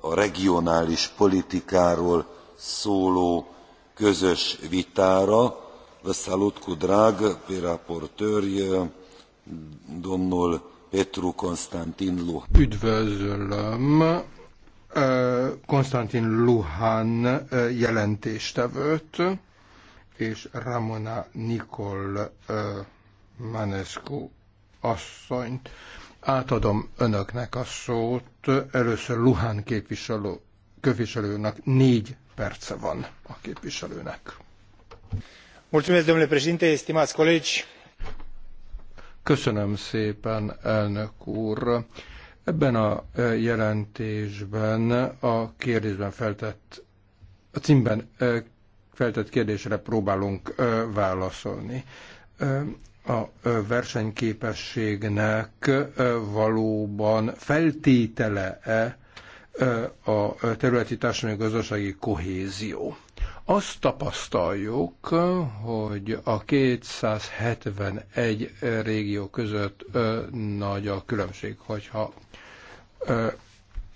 a regionális politikáról szóló közös vitára. Vă salut cu drag pe raportări, domnul Petru Konstantin Luhan. Üdvözlöm Konstantin Luhan jelentéstevőt és Ramona Nikol Manescu asszonyt. Átadom önöknek a szót. Először Luhán képviselő, képviselőnek négy perce van a képviselőnek. Mulțumesc, domnule președinte, estimați colegi. Köszönöm szépen, elnök úr. Ebben a e, jelentésben a kérdésben feltett, a címben e, feltett kérdésre próbálunk e, válaszolni a versenyképességnek valóban feltétele-e a területi társadalmi gazdasági kohézió. Azt tapasztaljuk, hogy a 271 régió között nagy a különbség, hogyha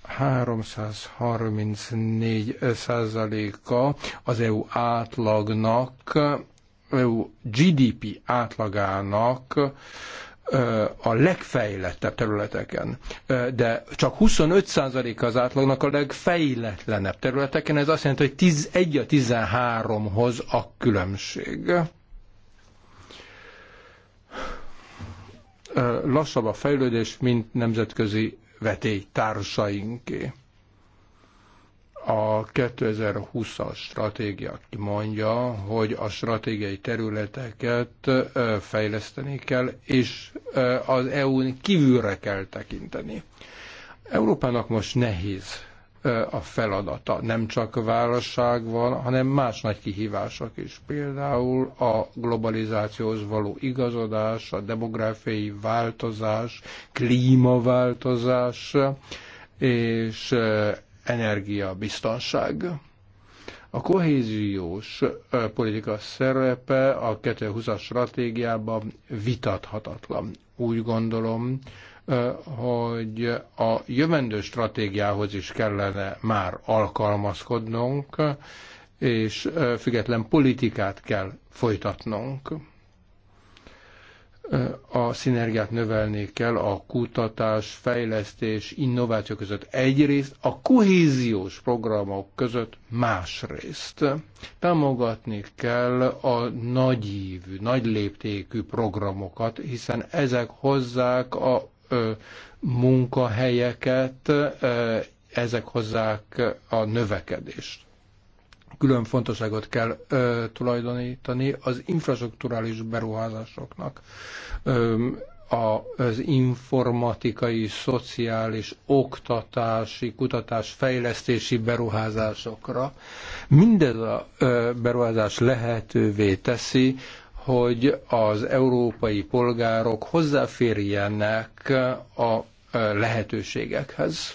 334 százaléka az EU átlagnak EU GDP átlagának a legfejlettebb területeken, de csak 25% az átlagnak a legfejletlenebb területeken, ez azt jelenti, hogy 11 a 13-hoz a különbség. Lassabb a fejlődés, mint nemzetközi vetélytársainké a 2020-as stratégia kimondja, hogy a stratégiai területeket fejleszteni kell, és az EU-n kívülre kell tekinteni. Európának most nehéz a feladata. Nem csak válság van, hanem más nagy kihívások is. Például a globalizációhoz való igazodás, a demográfiai változás, klímaváltozás, és energiabiztonság. A kohéziós politika szerepe a 2020-as stratégiában vitathatatlan. Úgy gondolom, hogy a jövendő stratégiához is kellene már alkalmazkodnunk, és független politikát kell folytatnunk a szinergiát növelni kell a kutatás, fejlesztés, innováció között egyrészt, a kohéziós programok között másrészt. Támogatni kell a nagyívű, nagy léptékű programokat, hiszen ezek hozzák a ö, munkahelyeket, ö, ezek hozzák a növekedést külön fontosságot kell ö, tulajdonítani az infrastruktúrális beruházásoknak. Ö, a, az informatikai, szociális, oktatási, kutatás, fejlesztési beruházásokra. Mindez a ö, beruházás lehetővé teszi, hogy az európai polgárok hozzáférjenek a lehetőségekhez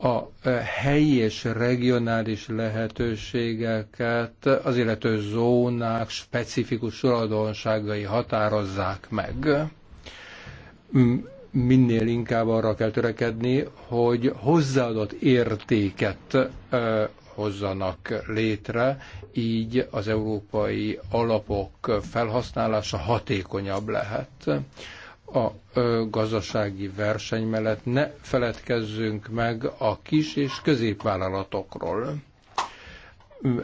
a e, helyi és regionális lehetőségeket az illető zónák specifikus tulajdonságai határozzák meg. Minél inkább arra kell törekedni, hogy hozzáadott értéket e, hozzanak létre, így az európai alapok felhasználása hatékonyabb lehet a gazdasági verseny mellett ne feledkezzünk meg a kis és középvállalatokról.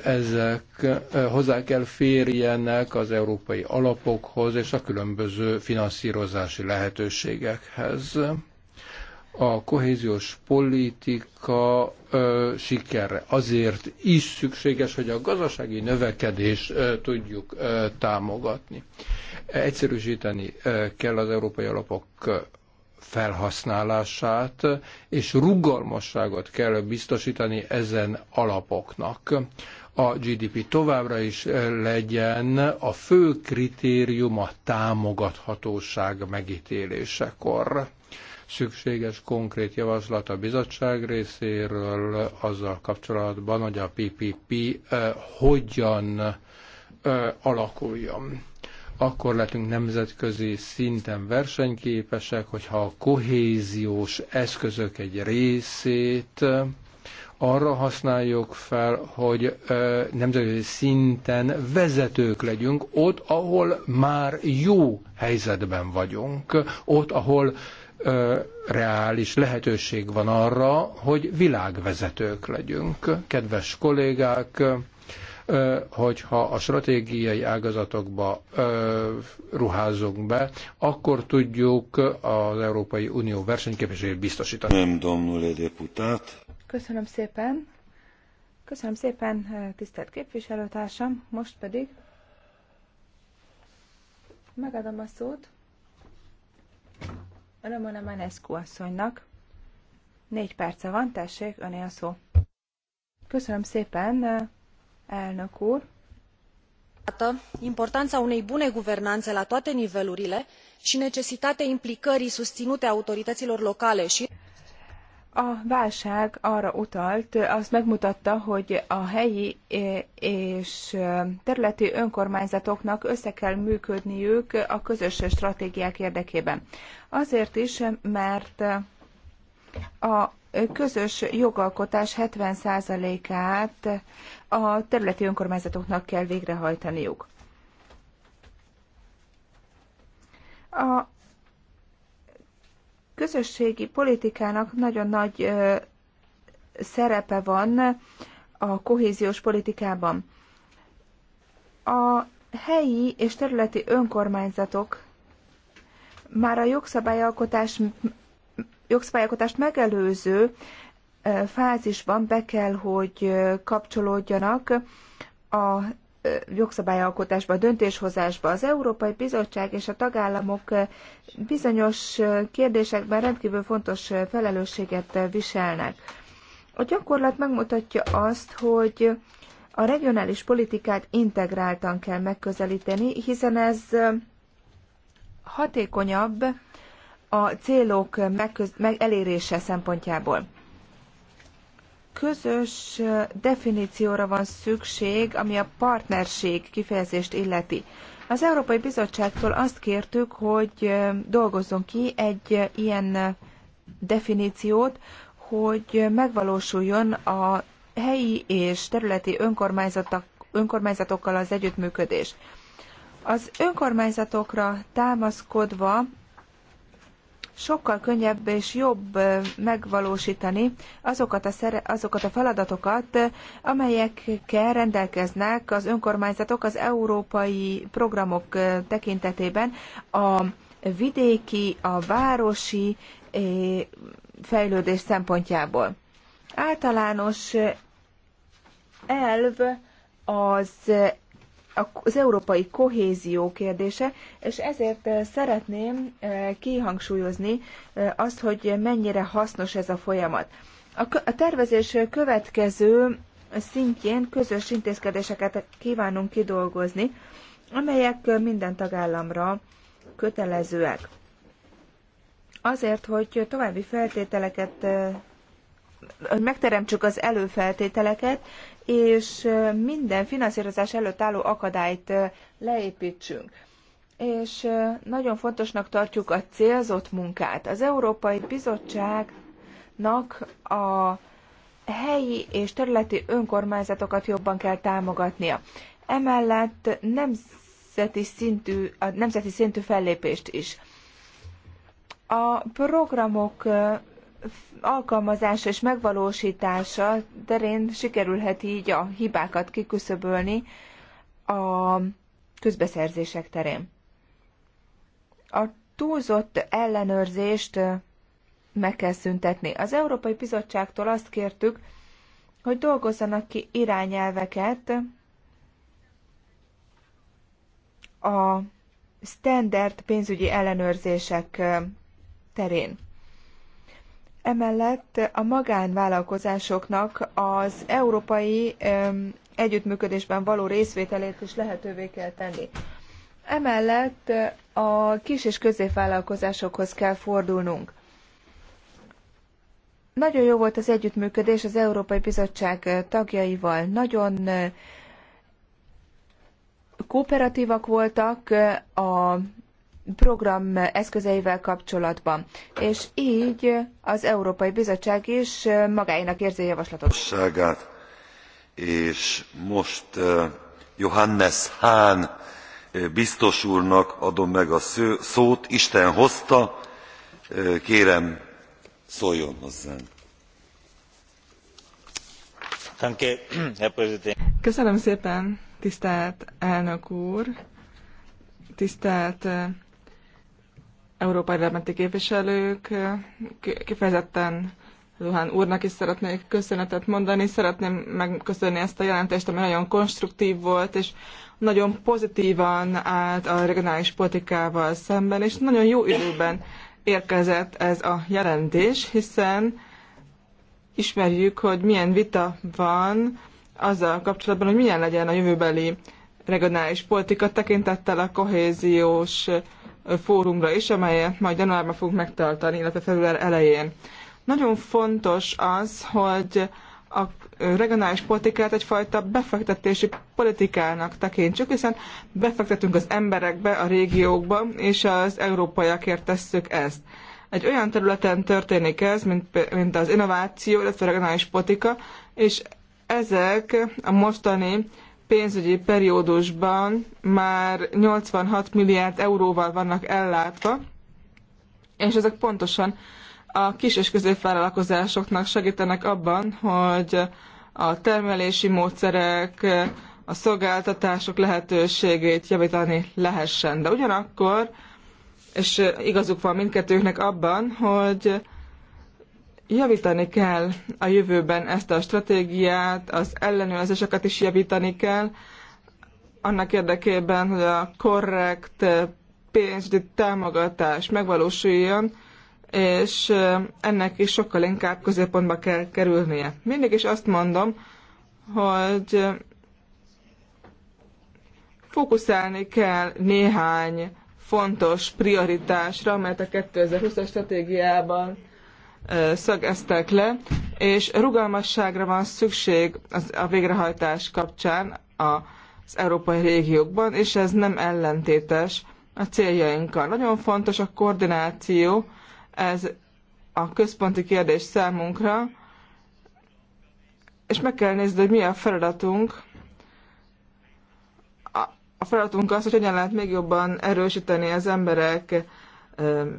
Ezek hozzá kell férjenek az európai alapokhoz és a különböző finanszírozási lehetőségekhez a kohéziós politika ö, sikerre. Azért is szükséges, hogy a gazdasági növekedés ö, tudjuk ö, támogatni. Egyszerűsíteni ö, kell az európai alapok felhasználását, és rugalmasságot kell biztosítani ezen alapoknak. A GDP továbbra is legyen a fő kritérium a támogathatóság megítélésekor szükséges konkrét javaslat a bizottság részéről azzal kapcsolatban, hogy a PPP eh, hogyan eh, alakuljon. Akkor lettünk nemzetközi szinten versenyképesek, hogyha a kohéziós eszközök egy részét eh, arra használjuk fel, hogy nemzetközi szinten vezetők legyünk, ott, ahol már jó helyzetben vagyunk, ott, ahol reális lehetőség van arra, hogy világvezetők legyünk. Kedves kollégák, hogyha a stratégiai ágazatokba ruházunk be, akkor tudjuk az Európai Unió versenyképességét biztosítani. Nem, domnule deputát. Köszönöm szépen. Köszönöm szépen, tisztelt képviselőtársam. Most pedig megadom a szót Ramona Manescu asszonynak. Négy perce van, tessék, öné a szó. Köszönöm szépen, elnök úr. Importanța unei bune guvernanțe la toate nivelurile și necesitatea implicării susținute a autorităților locale și a válság arra utalt, azt megmutatta, hogy a helyi és területi önkormányzatoknak össze kell működniük a közös stratégiák érdekében. Azért is, mert a közös jogalkotás 70%-át a területi önkormányzatoknak kell végrehajtaniuk. A közösségi politikának nagyon nagy szerepe van a kohéziós politikában. A helyi és területi önkormányzatok már a jogszabályalkotás, jogszabályalkotást megelőző fázisban be kell, hogy kapcsolódjanak a jogszabályalkotásba, a döntéshozásba. Az Európai Bizottság és a tagállamok bizonyos kérdésekben rendkívül fontos felelősséget viselnek. A gyakorlat megmutatja azt, hogy a regionális politikát integráltan kell megközelíteni, hiszen ez hatékonyabb a célok megköz- meg elérése szempontjából közös definícióra van szükség, ami a partnerség kifejezést illeti. Az Európai Bizottságtól azt kértük, hogy dolgozzon ki egy ilyen definíciót, hogy megvalósuljon a helyi és területi önkormányzatok, önkormányzatokkal az együttműködés. Az önkormányzatokra támaszkodva sokkal könnyebb és jobb megvalósítani azokat a, szere, azokat a feladatokat, amelyekkel rendelkeznek az önkormányzatok az európai programok tekintetében a vidéki, a városi fejlődés szempontjából. Általános elv az az európai kohézió kérdése, és ezért szeretném kihangsúlyozni azt, hogy mennyire hasznos ez a folyamat. A tervezés következő szintjén közös intézkedéseket kívánunk kidolgozni, amelyek minden tagállamra kötelezőek. Azért, hogy további feltételeket, hogy megteremtsük az előfeltételeket, és minden finanszírozás előtt álló akadályt leépítsünk. És nagyon fontosnak tartjuk a célzott munkát. Az Európai Bizottságnak a helyi és területi önkormányzatokat jobban kell támogatnia. Emellett nemzeti szintű, a nemzeti szintű fellépést is. A programok alkalmazása és megvalósítása terén sikerülhet így a hibákat kiküszöbölni a közbeszerzések terén. A túlzott ellenőrzést meg kell szüntetni. Az Európai Bizottságtól azt kértük, hogy dolgozzanak ki irányelveket a standard pénzügyi ellenőrzések terén. Emellett a magánvállalkozásoknak az európai együttműködésben való részvételét is lehetővé kell tenni. Emellett a kis és középvállalkozásokhoz kell fordulnunk. Nagyon jó volt az együttműködés az Európai Bizottság tagjaival. Nagyon eh, kooperatívak voltak eh, a program eszközeivel kapcsolatban. És így az Európai Bizottság is magáénak érzi a javaslatot. És most Johannes Hahn biztos úrnak adom meg a szót, Isten hozta, kérem szóljon hozzánk. Köszönöm szépen, tisztelt elnök úr, tisztelt európai parlamenti képviselők, kifejezetten Luhán úrnak is szeretnék köszönetet mondani. Szeretném megköszönni ezt a jelentést, ami nagyon konstruktív volt, és nagyon pozitívan állt a regionális politikával szemben, és nagyon jó időben érkezett ez a jelentés, hiszen ismerjük, hogy milyen vita van azzal kapcsolatban, hogy milyen legyen a jövőbeli regionális politika tekintettel a kohéziós fórumra is, amelyet majd januárban fogunk megtartani, illetve február elején. Nagyon fontos az, hogy a regionális politikát egyfajta befektetési politikának tekintsük, hiszen befektetünk az emberekbe, a régiókba, és az európaiakért tesszük ezt. Egy olyan területen történik ez, mint, mint az innováció, illetve a regionális politika, és ezek a mostani pénzügyi periódusban már 86 milliárd euróval vannak ellátva, és ezek pontosan a kis és középvállalkozásoknak segítenek abban, hogy a termelési módszerek, a szolgáltatások lehetőségét javítani lehessen. De ugyanakkor, és igazuk van mindkettőknek abban, hogy javítani kell a jövőben ezt a stratégiát, az ellenőrzéseket is javítani kell, annak érdekében, hogy a korrekt pénzügyi támogatás megvalósuljon, és ennek is sokkal inkább középpontba kell kerülnie. Mindig is azt mondom, hogy fókuszálni kell néhány fontos prioritásra, mert a 2020-as stratégiában szögeztek le, és rugalmasságra van szükség a végrehajtás kapcsán az európai régiókban, és ez nem ellentétes a céljainkkal. Nagyon fontos a koordináció, ez a központi kérdés számunkra, és meg kell nézni, hogy mi a feladatunk. A feladatunk az, hogy hogyan lehet még jobban erősíteni az emberek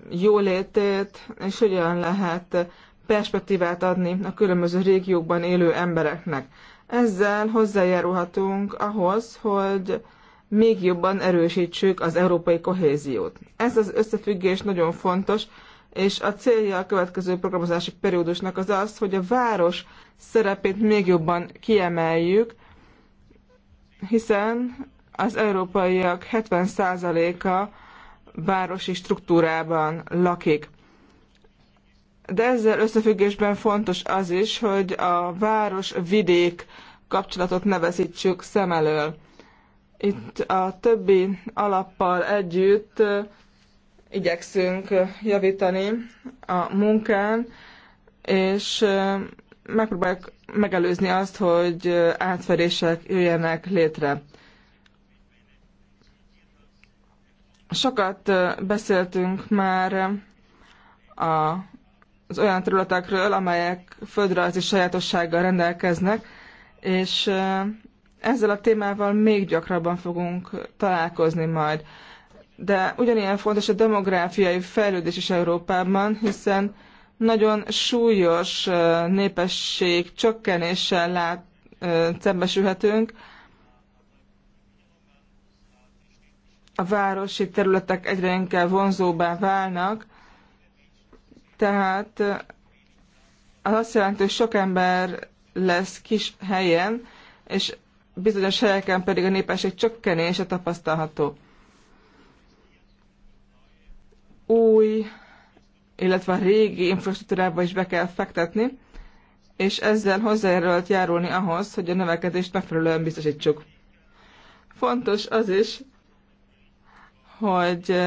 jólétét, és hogyan lehet perspektívát adni a különböző régiókban élő embereknek. Ezzel hozzájárulhatunk ahhoz, hogy még jobban erősítsük az európai kohéziót. Ez az összefüggés nagyon fontos, és a célja a következő programozási periódusnak az az, hogy a város szerepét még jobban kiemeljük, hiszen az európaiak 70%-a városi struktúrában lakik. De ezzel összefüggésben fontos az is, hogy a város-vidék kapcsolatot ne veszítsük szem elől. Itt a többi alappal együtt igyekszünk javítani a munkán, és megpróbáljuk megelőzni azt, hogy átfedések jöjjenek létre. Sokat beszéltünk már a, az olyan területekről, amelyek földrajzi sajátossággal rendelkeznek, és ezzel a témával még gyakrabban fogunk találkozni majd. De ugyanilyen fontos a demográfiai fejlődés is Európában, hiszen nagyon súlyos népesség csökkenéssel lát, szembesülhetünk, a városi területek egyre inkább vonzóbbá válnak, tehát eh, az azt jelenti, hogy sok ember lesz kis helyen, és bizonyos helyeken pedig a népesség csökkenése tapasztalható. Új, illetve a régi infrastruktúrába is be kell fektetni, és ezzel hozzájárult járulni ahhoz, hogy a növekedést megfelelően biztosítsuk. Fontos az is, hogy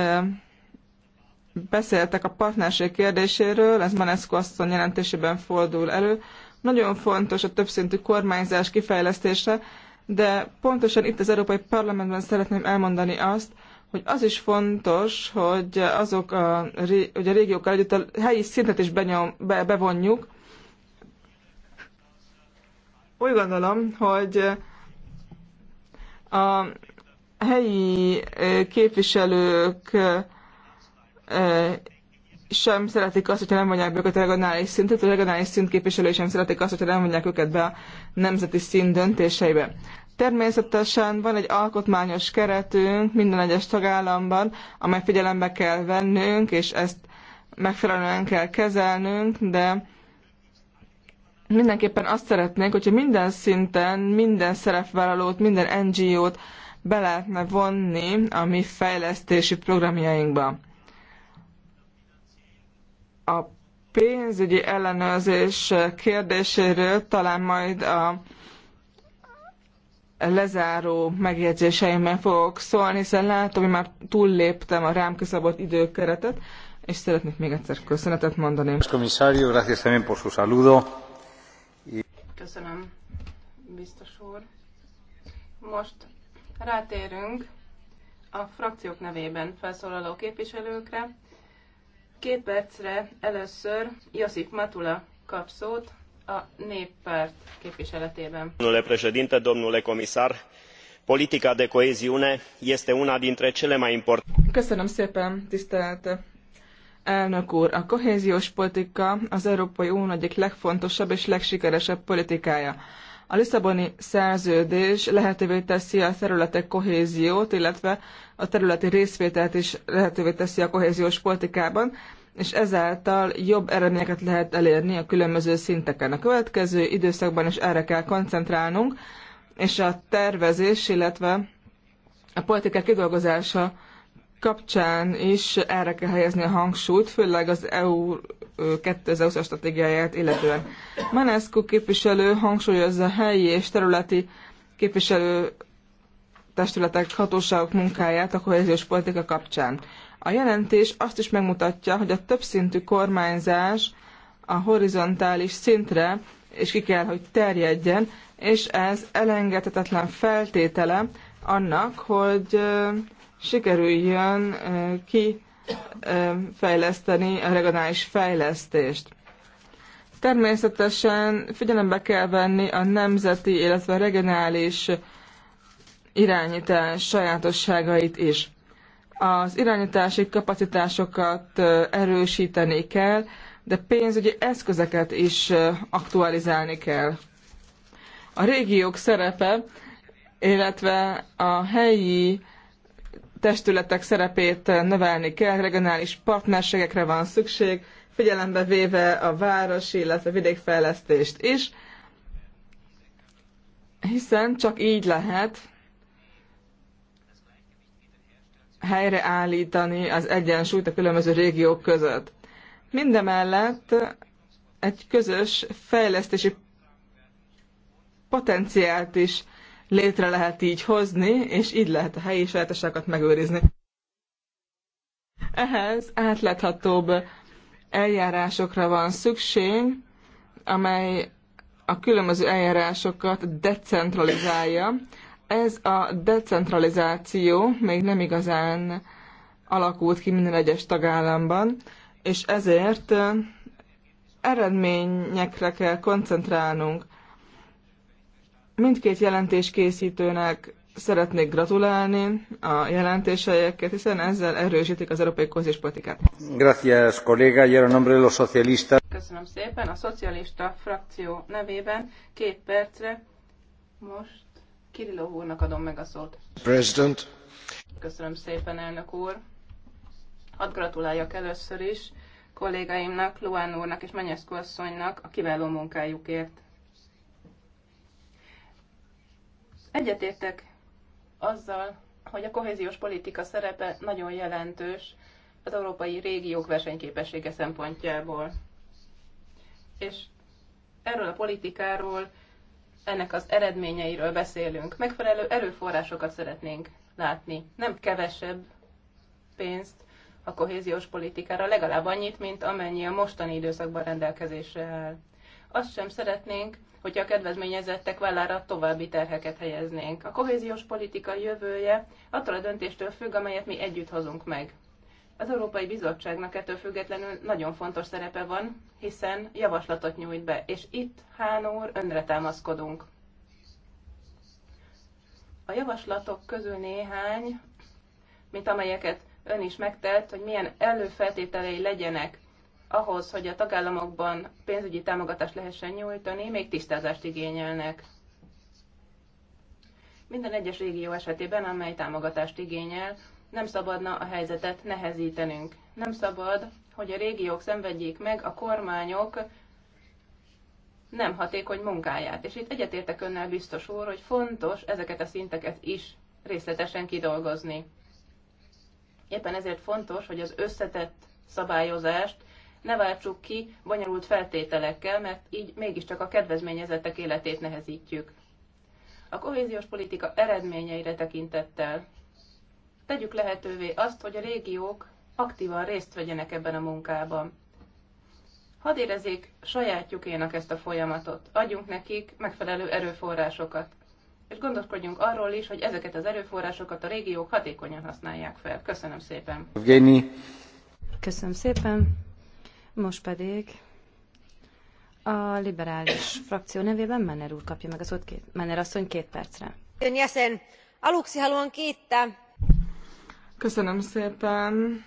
beszéltek a partnerség kérdéséről, ez Manescu asszony jelentésében fordul elő. Nagyon fontos a többszintű kormányzás kifejlesztése, de pontosan itt az Európai Parlamentben szeretném elmondani azt, hogy az is fontos, hogy azok a, hogy a régiókkal együtt a helyi szintet is benyom, be, bevonjuk. Úgy gondolom, hogy a helyi képviselők sem szeretik azt, hogyha nem vonják be őket a regionális szintet, a regionális szint képviselői sem szeretik azt, hogyha nem vonják őket be a nemzeti szint döntéseibe. Természetesen van egy alkotmányos keretünk minden egyes tagállamban, amely figyelembe kell vennünk, és ezt megfelelően kell kezelnünk, de mindenképpen azt szeretnénk, hogyha minden szinten, minden szerepvállalót, minden NGO-t be lehetne vonni a mi fejlesztési programjainkba. A pénzügyi ellenőrzés kérdéséről talán majd a lezáró megjegyzéseimben fogok szólni, hiszen látom, hogy már túlléptem a rám kiszabott időkeretet, és szeretnék még egyszer köszönetet mondani. Köszönöm, biztos úr. Most Rátérünk a frakciók nevében felszólaló képviselőkre. Két percre először Josip Matula kap szót a néppárt képviseletében. Domnule președinte, domnule comisar, politica de coeziune este una dintre cele mai importante. Köszönöm szépen, tisztelt elnök úr! A kohéziós politika az Európai Unió egyik legfontosabb és legsikeresebb politikája. A Lisszaboni szerződés lehetővé teszi a területek kohéziót, illetve a területi részvételt is lehetővé teszi a kohéziós politikában, és ezáltal jobb eredményeket lehet elérni a különböző szinteken. A következő időszakban is erre kell koncentrálnunk, és a tervezés, illetve a politikák kidolgozása kapcsán is erre kell helyezni a hangsúlyt, főleg az EU 2020-as stratégiáját illetően. Manescu képviselő hangsúlyozza helyi és területi képviselő testületek, hatóságok munkáját a kohéziós politika kapcsán. A jelentés azt is megmutatja, hogy a többszintű kormányzás a horizontális szintre és ki kell, hogy terjedjen, és ez elengedhetetlen feltétele annak, hogy sikerüljön ki fejleszteni a regionális fejlesztést. Természetesen figyelembe kell venni a nemzeti, illetve regionális irányítás sajátosságait is. Az irányítási kapacitásokat erősíteni kell, de pénzügyi eszközeket is aktualizálni kell. A régiók szerepe, illetve a helyi testületek szerepét növelni kell, regionális partnerségekre van szükség, figyelembe véve a városi, illetve vidékfejlesztést is, hiszen csak így lehet helyreállítani az egyensúlyt a különböző régiók között. Mindemellett egy közös fejlesztési potenciált is létre lehet így hozni, és így lehet a helyi sajátoságokat megőrizni. Ehhez átláthatóbb eljárásokra van szükség, amely a különböző eljárásokat decentralizálja. Ez a decentralizáció még nem igazán alakult ki minden egyes tagállamban, és ezért eredményekre kell koncentrálnunk. Mindkét jelentés készítőnek szeretnék gratulálni a jelentéseiket, hiszen ezzel erősítik az európai politikát. Gracias, kolléga. Y nombre de los socialistas. Köszönöm szépen. A szocialista frakció nevében két percre most Kirilló úrnak adom meg a szót. President. Köszönöm szépen, elnök úr. Hadd gratuláljak először is kollégáimnak, Luán úrnak és Menyeszko asszonynak a kiváló munkájukért. Egyetértek azzal, hogy a kohéziós politika szerepe nagyon jelentős az európai régiók versenyképessége szempontjából. És erről a politikáról, ennek az eredményeiről beszélünk. Megfelelő erőforrásokat szeretnénk látni. Nem kevesebb pénzt a kohéziós politikára, legalább annyit, mint amennyi a mostani időszakban rendelkezésre áll. Azt sem szeretnénk, hogyha a kedvezményezettek vállára további terheket helyeznénk. A kohéziós politika jövője attól a döntéstől függ, amelyet mi együtt hozunk meg. Az Európai Bizottságnak ettől függetlenül nagyon fontos szerepe van, hiszen javaslatot nyújt be, és itt, Hán úr, önre támaszkodunk. A javaslatok közül néhány, mint amelyeket ön is megtelt, hogy milyen előfeltételei legyenek ahhoz, hogy a tagállamokban pénzügyi támogatást lehessen nyújtani, még tisztázást igényelnek. Minden egyes régió esetében, amely támogatást igényel, nem szabadna a helyzetet nehezítenünk. Nem szabad, hogy a régiók szenvedjék meg a kormányok nem hatékony munkáját. És itt egyetértek önnel biztos úr, hogy fontos ezeket a szinteket is részletesen kidolgozni. Éppen ezért fontos, hogy az összetett szabályozást ne váltsuk ki bonyolult feltételekkel, mert így mégiscsak a kedvezményezettek életét nehezítjük. A kohéziós politika eredményeire tekintettel tegyük lehetővé azt, hogy a régiók aktívan részt vegyenek ebben a munkában. Hadd érezzék sajátjukénak ezt a folyamatot, adjunk nekik megfelelő erőforrásokat, és gondoskodjunk arról is, hogy ezeket az erőforrásokat a régiók hatékonyan használják fel. Köszönöm szépen! Köszönöm szépen! Most pedig a liberális frakció nevében Menner úr kapja meg az ott két, Menner asszony két percre. Ön jeszen, aluxi halóan kétte. Köszönöm szépen.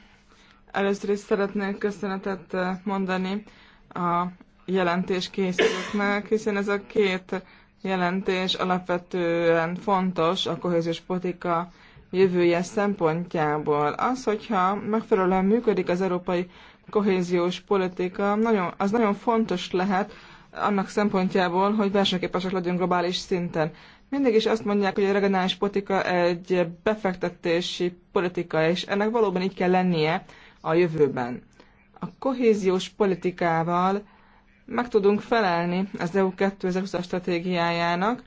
Először is szeretnék köszönetet mondani a jelentés készítőknek, hiszen ez a két jelentés alapvetően fontos a kohéziós politika jövője szempontjából. Az, hogyha megfelelően működik az európai kohéziós politika nagyon, az nagyon fontos lehet annak szempontjából, hogy versenyképesek legyünk globális szinten. Mindig is azt mondják, hogy a regionális politika egy befektetési politika, és ennek valóban így kell lennie a jövőben. A kohéziós politikával meg tudunk felelni az EU 2020-as stratégiájának,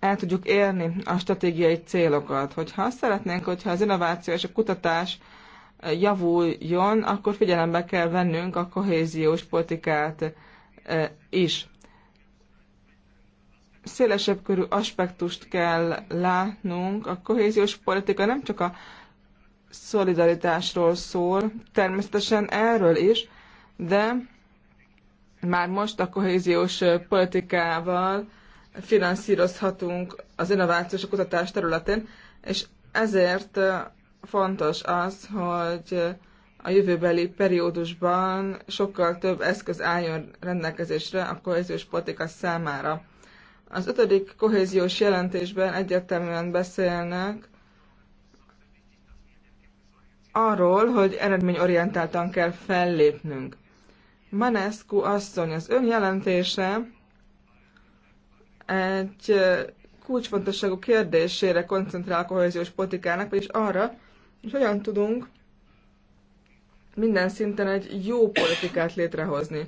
el tudjuk érni a stratégiai célokat. Hogyha azt szeretnénk, hogyha az innováció és a kutatás javuljon, akkor figyelembe kell vennünk a kohéziós politikát eh, is. Szélesebb körű aspektust kell látnunk. A kohéziós politika nem csak a szolidaritásról szól, természetesen erről is, de már most a kohéziós politikával finanszírozhatunk az innovációs kutatás területén, és ezért eh, fontos az, hogy a jövőbeli periódusban sokkal több eszköz álljon rendelkezésre a kohéziós politika számára. Az ötödik kohéziós jelentésben egyértelműen beszélnek arról, hogy eredményorientáltan kell fellépnünk. Manescu asszony, az ön jelentése egy kulcsfontosságú kérdésére koncentrál a kohéziós politikának, vagyis arra, és hogyan tudunk minden szinten egy jó politikát létrehozni.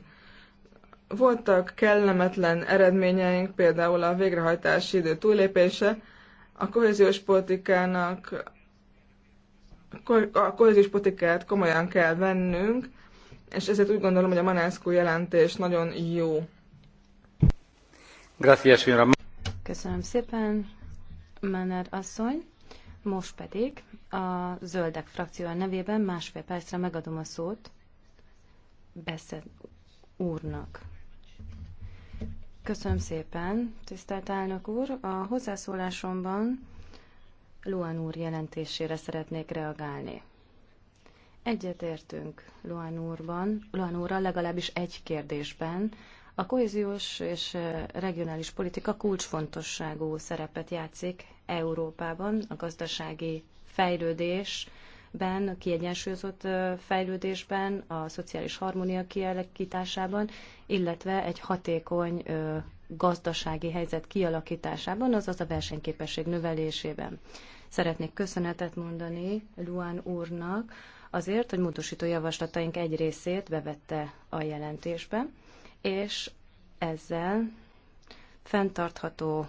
Voltak kellemetlen eredményeink, például a végrehajtási idő túlépése, a kohéziós politikának a kohéziós politikát komolyan kell vennünk, és ezért úgy gondolom, hogy a Manászkó jelentés nagyon jó. Köszönöm szépen, Manner asszony. Most pedig a Zöldek frakció nevében másfél percre megadom a szót Beszed úrnak. Köszönöm szépen, tisztelt elnök úr. A hozzászólásomban Luan úr jelentésére szeretnék reagálni. Egyetértünk Luan úrban, Luan úrral legalábbis egy kérdésben, a kohéziós és regionális politika kulcsfontosságú szerepet játszik Európában a gazdasági fejlődésben, a kiegyensúlyozott fejlődésben, a szociális harmónia kialakításában, illetve egy hatékony gazdasági helyzet kialakításában, azaz a versenyképesség növelésében. Szeretnék köszönetet mondani Luan úrnak azért, hogy módosító javaslataink egy részét bevette a jelentésbe és ezzel fenntartható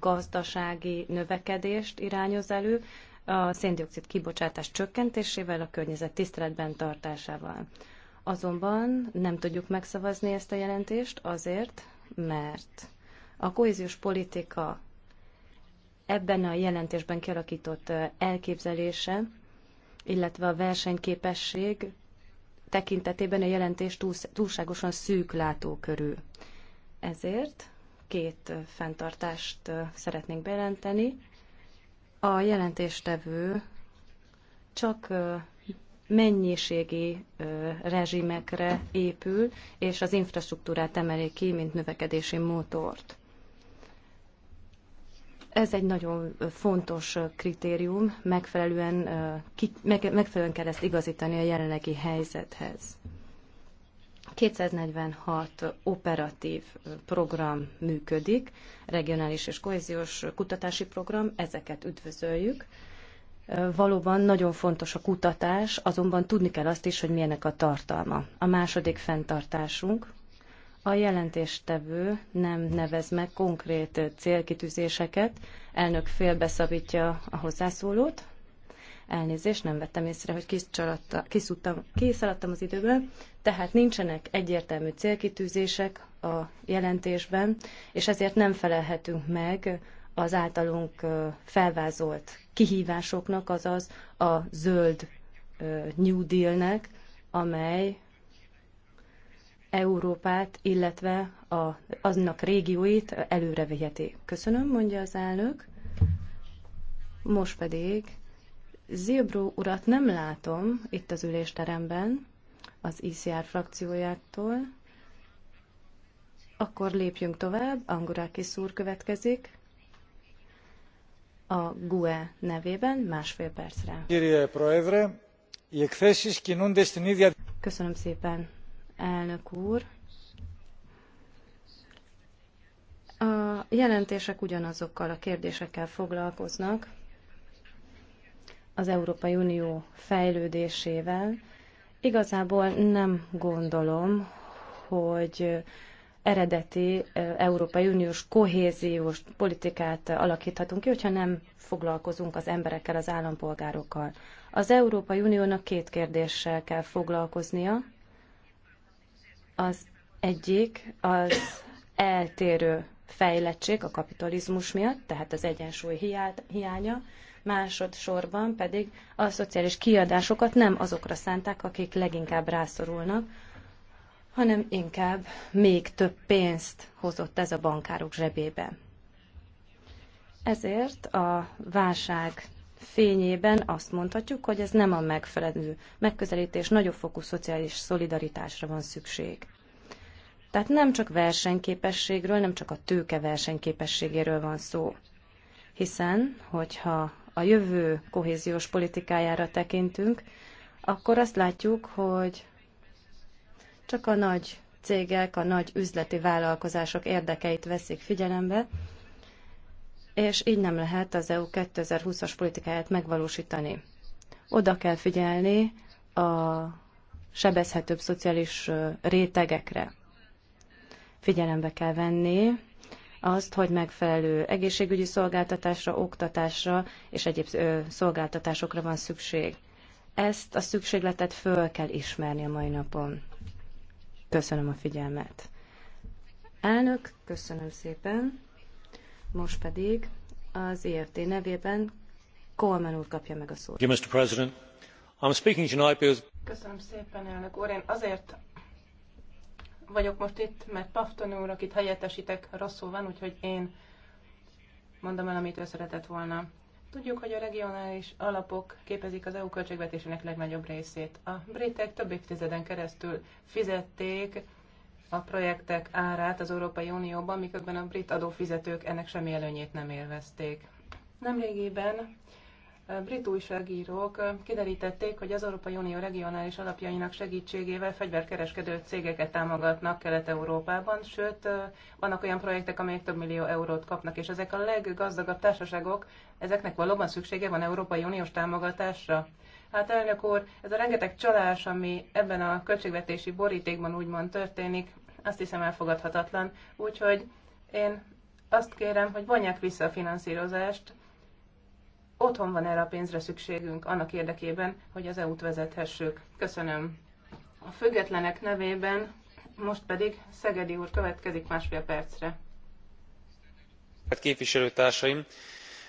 gazdasági növekedést irányoz elő, a széndiokszid kibocsátás csökkentésével, a környezet tiszteletben tartásával. Azonban nem tudjuk megszavazni ezt a jelentést azért, mert a kohéziós politika ebben a jelentésben kialakított elképzelése, illetve a versenyképesség tekintetében a jelentés túlságosan szűk látókörű. Ezért két fenntartást szeretnénk bejelenteni. A jelentéstevő csak mennyiségi rezsimekre épül, és az infrastruktúrát emeli ki, mint növekedési motort. Ez egy nagyon fontos kritérium, megfelelően, megfelelően kell ezt igazítani a jelenlegi helyzethez. 246 operatív program működik, regionális és kohéziós kutatási program, ezeket üdvözöljük. Valóban nagyon fontos a kutatás, azonban tudni kell azt is, hogy milyenek a tartalma. A második fenntartásunk a jelentéstevő nem nevez meg konkrét célkitűzéseket. Elnök félbeszabítja a hozzászólót. Elnézést, nem vettem észre, hogy kiszaladtam az időből. Tehát nincsenek egyértelmű célkitűzések a jelentésben, és ezért nem felelhetünk meg az általunk felvázolt kihívásoknak, azaz a zöld New Deal-nek, amely Európát, illetve a, aznak régióit előre viheti. Köszönöm, mondja az elnök. Most pedig Zilbró urat nem látom itt az ülésteremben az ICR frakciójától. Akkor lépjünk tovább, Angurakis úr következik a GUE nevében másfél percre. Köszönöm szépen, elnök úr. A jelentések ugyanazokkal a kérdésekkel foglalkoznak, az Európai Unió fejlődésével. Igazából nem gondolom, hogy eredeti Európai Uniós kohéziós politikát alakíthatunk ki, hogyha nem foglalkozunk az emberekkel, az állampolgárokkal. Az Európai Uniónak két kérdéssel kell foglalkoznia, az egyik az eltérő fejlettség a kapitalizmus miatt, tehát az egyensúly hiánya, másodszorban pedig a szociális kiadásokat nem azokra szánták, akik leginkább rászorulnak, hanem inkább még több pénzt hozott ez a bankárok zsebébe. Ezért a válság fényében azt mondhatjuk, hogy ez nem a megfelelő megközelítés, nagyobb fokú szociális szolidaritásra van szükség. Tehát nem csak versenyképességről, nem csak a tőke versenyképességéről van szó. Hiszen, hogyha a jövő kohéziós politikájára tekintünk, akkor azt látjuk, hogy csak a nagy cégek, a nagy üzleti vállalkozások érdekeit veszik figyelembe, és így nem lehet az EU 2020-as politikáját megvalósítani. Oda kell figyelni a sebezhetőbb szociális rétegekre. Figyelembe kell venni azt, hogy megfelelő egészségügyi szolgáltatásra, oktatásra és egyéb szolgáltatásokra van szükség. Ezt a szükségletet föl kell ismerni a mai napon. Köszönöm a figyelmet. Elnök, köszönöm szépen. Most pedig az ERT nevében Coleman úr kapja meg a szót. Mr. President. I'm speaking tonight because... Köszönöm szépen, elnök úr. Én azért vagyok most itt, mert Pafton úr, akit helyettesítek, rosszul van, úgyhogy én mondom el, amit ő szeretett volna. Tudjuk, hogy a regionális alapok képezik az EU költségvetésének legnagyobb részét. A britek több évtizeden keresztül fizették a projektek árát az Európai Unióban, miközben a brit adófizetők ennek semmi előnyét nem élvezték. Nemrégiben brit újságírók kiderítették, hogy az Európai Unió regionális alapjainak segítségével fegyverkereskedő cégeket támogatnak Kelet-Európában, sőt, vannak olyan projektek, amelyek több millió eurót kapnak, és ezek a leggazdagabb társaságok, ezeknek valóban szüksége van Európai Uniós támogatásra? Hát elnök úr, ez a rengeteg csalás, ami ebben a költségvetési borítékban úgymond történik, azt hiszem elfogadhatatlan. Úgyhogy én azt kérem, hogy vonják vissza a finanszírozást, otthon van erre a pénzre szükségünk annak érdekében, hogy az EU-t vezethessük. Köszönöm. A függetlenek nevében most pedig Szegedi úr következik másfél percre. Képviselőtársaim!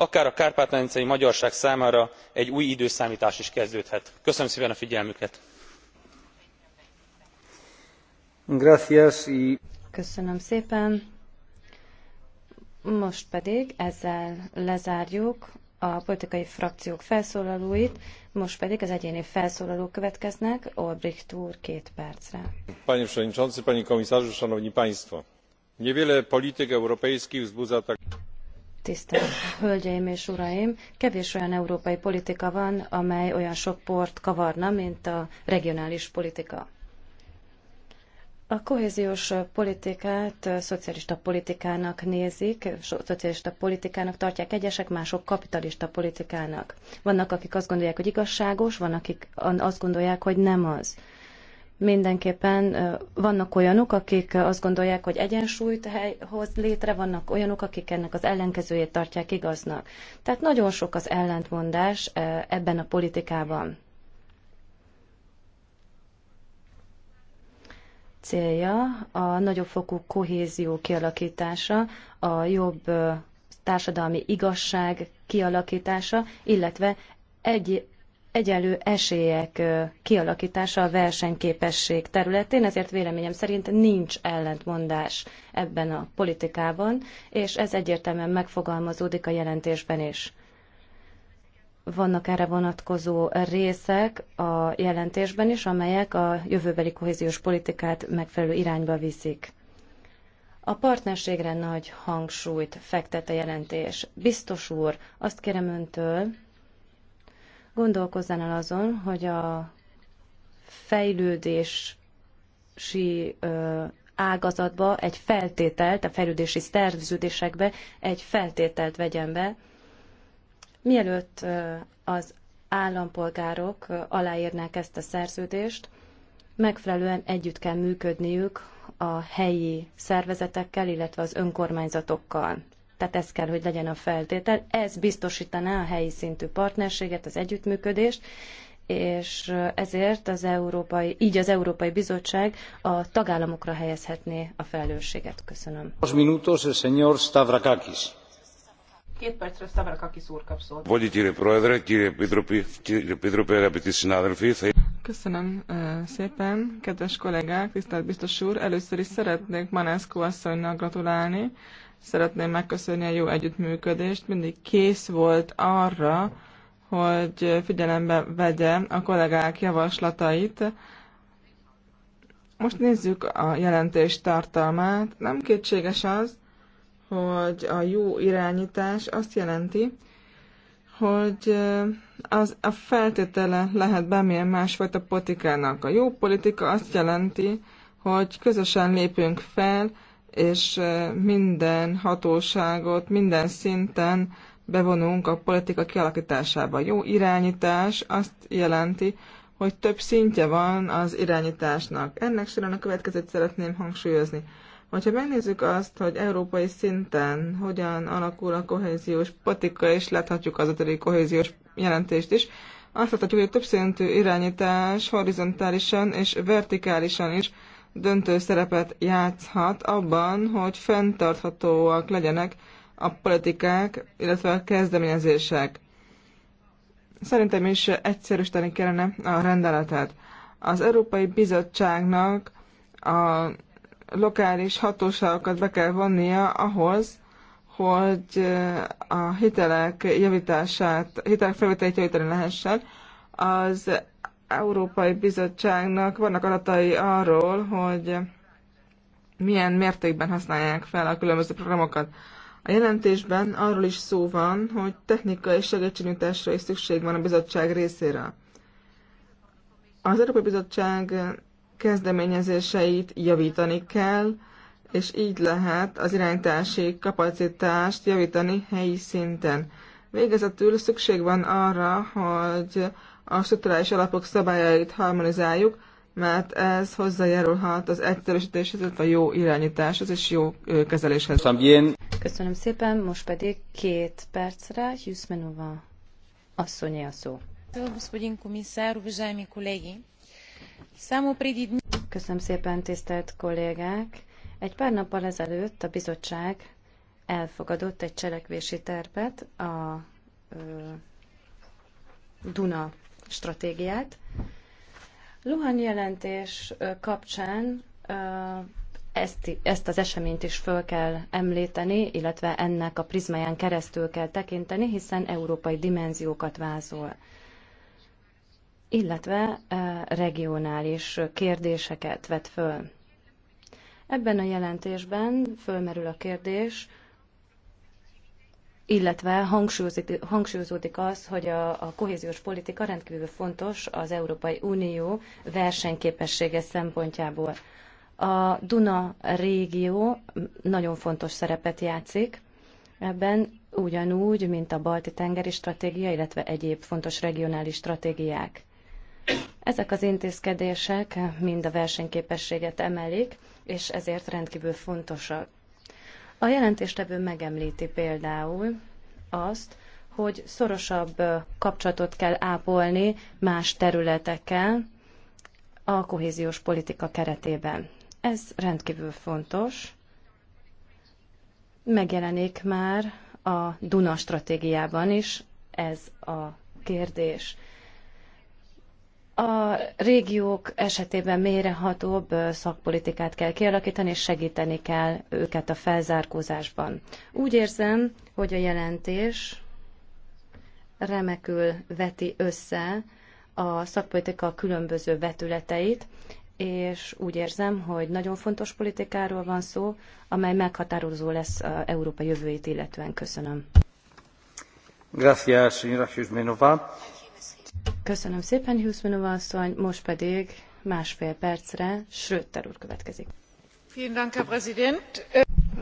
akár a kárpát medencei magyarság számára egy új időszámtás is kezdődhet. köszönöm szépen a figyelmüket. most pedig ezzel lezárjuk a politikai frakciók felszólalóit, most pedig az egyéni felszólalók következnek. Olbricht úr két percre. Panie Przewodniczący, Panie Komisarzu, Szanowni Państwo! Niewiele polityk europejskich wzbudza tak... Tisztelt Hölgyeim és Uraim, kevés olyan európai politika van, amely olyan sok port kavarna, mint a regionális politika. A kohéziós politikát szocialista politikának nézik, szocialista politikának tartják egyesek, mások kapitalista politikának. Vannak, akik azt gondolják, hogy igazságos, vannak, akik azt gondolják, hogy nem az mindenképpen vannak olyanok, akik azt gondolják, hogy egyensúlyt hoz létre, vannak olyanok, akik ennek az ellenkezőjét tartják igaznak. Tehát nagyon sok az ellentmondás ebben a politikában. Célja a nagyobb fokú kohézió kialakítása, a jobb társadalmi igazság kialakítása, illetve egy egyenlő esélyek kialakítása a versenyképesség területén, ezért véleményem szerint nincs ellentmondás ebben a politikában, és ez egyértelműen megfogalmazódik a jelentésben is. Vannak erre vonatkozó részek a jelentésben is, amelyek a jövőbeli kohéziós politikát megfelelő irányba viszik. A partnerségre nagy hangsúlyt fektet a jelentés. Biztos úr, azt kérem öntől, gondolkozzanál azon, hogy a fejlődési ágazatba egy feltételt, a fejlődési szerződésekbe egy feltételt vegyen be, mielőtt az állampolgárok aláírnák ezt a szerződést, megfelelően együtt kell működniük a helyi szervezetekkel, illetve az önkormányzatokkal tehát ez kell, hogy legyen a feltétel. Ez biztosítaná a helyi szintű partnerséget, az együttműködést, és ezért az Európai, így az Európai Bizottság a tagállamokra helyezhetné a felelősséget. Köszönöm. Az minutos el señor Stavrakakis. Két percre Stavrakakis úr kap szót. Vagy kire proedre, kire Pitropi, kire Pitropi, Köszönöm szépen, kedves kollégák, tisztelt biztos úr. Először is szeretnék Manászko asszonynak gratulálni szeretném megköszönni a jó együttműködést. Mindig kész volt arra, hogy figyelembe vegye a kollégák javaslatait. Most nézzük a jelentés tartalmát. Nem kétséges az, hogy a jó irányítás azt jelenti, hogy eh, az a feltétele lehet bármilyen másfajta politikának. A jó politika azt jelenti, hogy közösen lépünk fel, és minden hatóságot, minden szinten bevonunk a politika kialakításába. Jó irányítás azt jelenti, hogy több szintje van az irányításnak. Ennek során a következőt szeretném hangsúlyozni. Hogyha megnézzük azt, hogy európai szinten hogyan alakul a kohéziós politika, és láthatjuk az ötödik kohéziós jelentést is, azt láthatjuk, hogy a többszintű irányítás horizontálisan és vertikálisan is döntő szerepet játszhat abban, hogy fenntarthatóak legyenek a politikák, illetve a kezdeményezések. Szerintem is egyszerűsíteni kellene a rendeletet. Az Európai Bizottságnak a lokális hatóságokat be kell vonnia ahhoz, hogy a hitelek javítását, hitelek felvételét javítani lehessen. Az Európai Bizottságnak vannak adatai arról, hogy milyen mértékben használják fel a különböző programokat. A jelentésben arról is szó van, hogy technikai és segítségnyújtásra is szükség van a bizottság részére. Az Európai Bizottság kezdeményezéseit javítani kell, és így lehet az irányítási kapacitást javítani helyi szinten. Végezetül szükség van arra, hogy a strukturális alapok szabályait harmonizáljuk, mert ez hozzájárulhat az egyszerűsítéshez, a jó irányításhoz és jó kezeléshez. Köszönöm szépen, most pedig két percre Jusmenova asszonyi a szó. Köszönöm szépen, tisztelt kollégák! Egy pár nappal ezelőtt a bizottság elfogadott egy cselekvési tervet a Duna stratégiát. Luhan jelentés kapcsán ezt, ezt az eseményt is föl kell említeni, illetve ennek a prizmáján keresztül kell tekinteni, hiszen európai dimenziókat vázol illetve regionális kérdéseket vet föl. Ebben a jelentésben fölmerül a kérdés, illetve hangsúlyozódik az, hogy a, a kohéziós politika rendkívül fontos az Európai Unió versenyképessége szempontjából. A Duna régió nagyon fontos szerepet játszik ebben, ugyanúgy, mint a Balti-tengeri stratégia, illetve egyéb fontos regionális stratégiák. Ezek az intézkedések mind a versenyképességet emelik, és ezért rendkívül fontosak. A jelentéstevő megemlíti például azt, hogy szorosabb kapcsolatot kell ápolni más területekkel a kohéziós politika keretében. Ez rendkívül fontos. Megjelenik már a Duna stratégiában is ez a kérdés a régiók esetében mélyrehatóbb szakpolitikát kell kialakítani, és segíteni kell őket a felzárkózásban. Úgy érzem, hogy a jelentés remekül veti össze a szakpolitika különböző vetületeit, és úgy érzem, hogy nagyon fontos politikáról van szó, amely meghatározó lesz a Európa jövőjét illetően. Köszönöm. Gracias, señora Köszönöm szépen, Hughes asszony, most pedig másfél percre Schröter úr következik.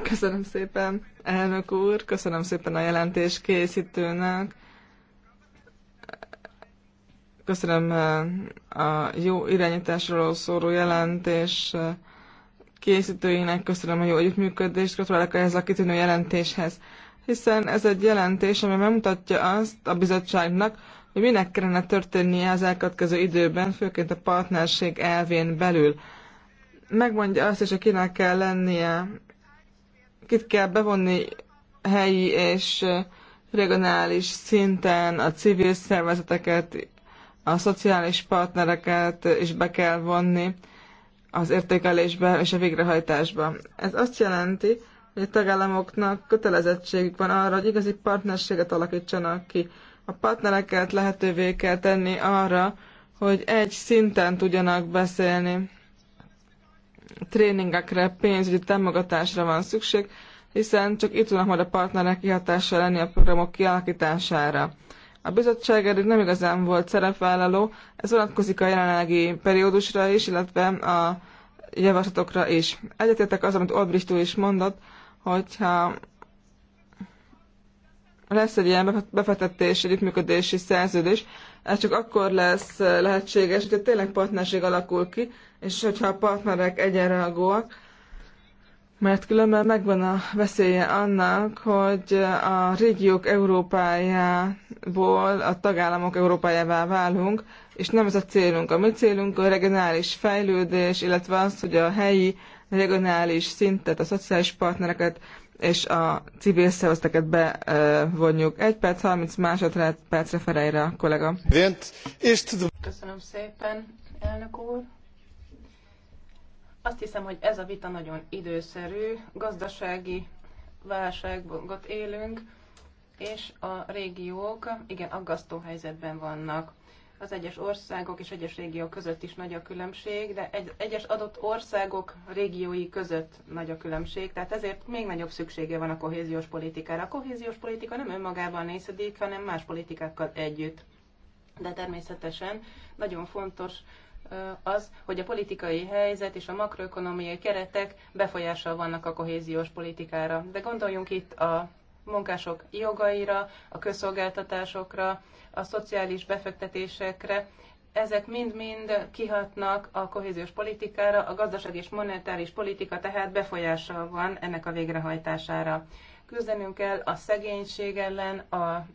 Köszönöm szépen, elnök úr, köszönöm szépen a jelentés készítőnek. Köszönöm eh, a jó irányításról szóló jelentés eh, készítőinek, köszönöm a jó együttműködést, gratulálok ehhez a kitűnő jelentéshez, hiszen ez egy jelentés, ami megmutatja azt a bizottságnak, hogy minek kellene történnie az elkövetkező időben, főként a partnerség elvén belül. Megmondja azt is, hogy kinek kell lennie, kit kell bevonni helyi és regionális szinten, a civil szervezeteket, a szociális partnereket is be kell vonni az értékelésbe és a végrehajtásba. Ez azt jelenti, hogy a tagállamoknak kötelezettségük van arra, hogy igazi partnerséget alakítsanak ki a partnereket lehetővé kell tenni arra, hogy egy szinten tudjanak beszélni. Tréningekre, pénzügyi támogatásra van szükség, hiszen csak itt tudnak majd a partnerek kihatással lenni a programok kialakítására. A bizottság eddig nem igazán volt szerepvállaló, ez vonatkozik a jelenlegi periódusra is, illetve a javaslatokra is. Egyetértek az, amit Olbricht is mondott, hogyha lesz egy ilyen befektetés, együttműködési szerződés, ez csak akkor lesz eh, lehetséges, hogyha tényleg partnerség alakul ki, és hogyha a partnerek egyenrangúak, mert különben megvan a veszélye annak, hogy eh, a régiók Európájából a tagállamok Európájává válunk, és nem ez a célunk. A mi célunk a regionális fejlődés, illetve az, hogy a helyi regionális szintet, a szociális partnereket, és a civil szervezeteket bevonjuk. Egy perc, 30 másodpercre Ferejre a kollega. Köszönöm szépen, elnök úr. Azt hiszem, hogy ez a vita nagyon időszerű. Gazdasági válságot élünk, és a régiók igen aggasztó helyzetben vannak az egyes országok és egyes régiók között is nagy a különbség, de egy, egyes adott országok régiói között nagy a különbség, tehát ezért még nagyobb szüksége van a kohéziós politikára. A kohéziós politika nem önmagában nézhetik, hanem más politikákkal együtt. De természetesen nagyon fontos az, hogy a politikai helyzet és a makroökonomiai keretek befolyással vannak a kohéziós politikára. De gondoljunk itt a munkások jogaira, a közszolgáltatásokra, a szociális befektetésekre, ezek mind-mind kihatnak a kohéziós politikára, a gazdaság és monetáris politika tehát befolyással van ennek a végrehajtására. Küzdenünk kell a szegénység ellen, a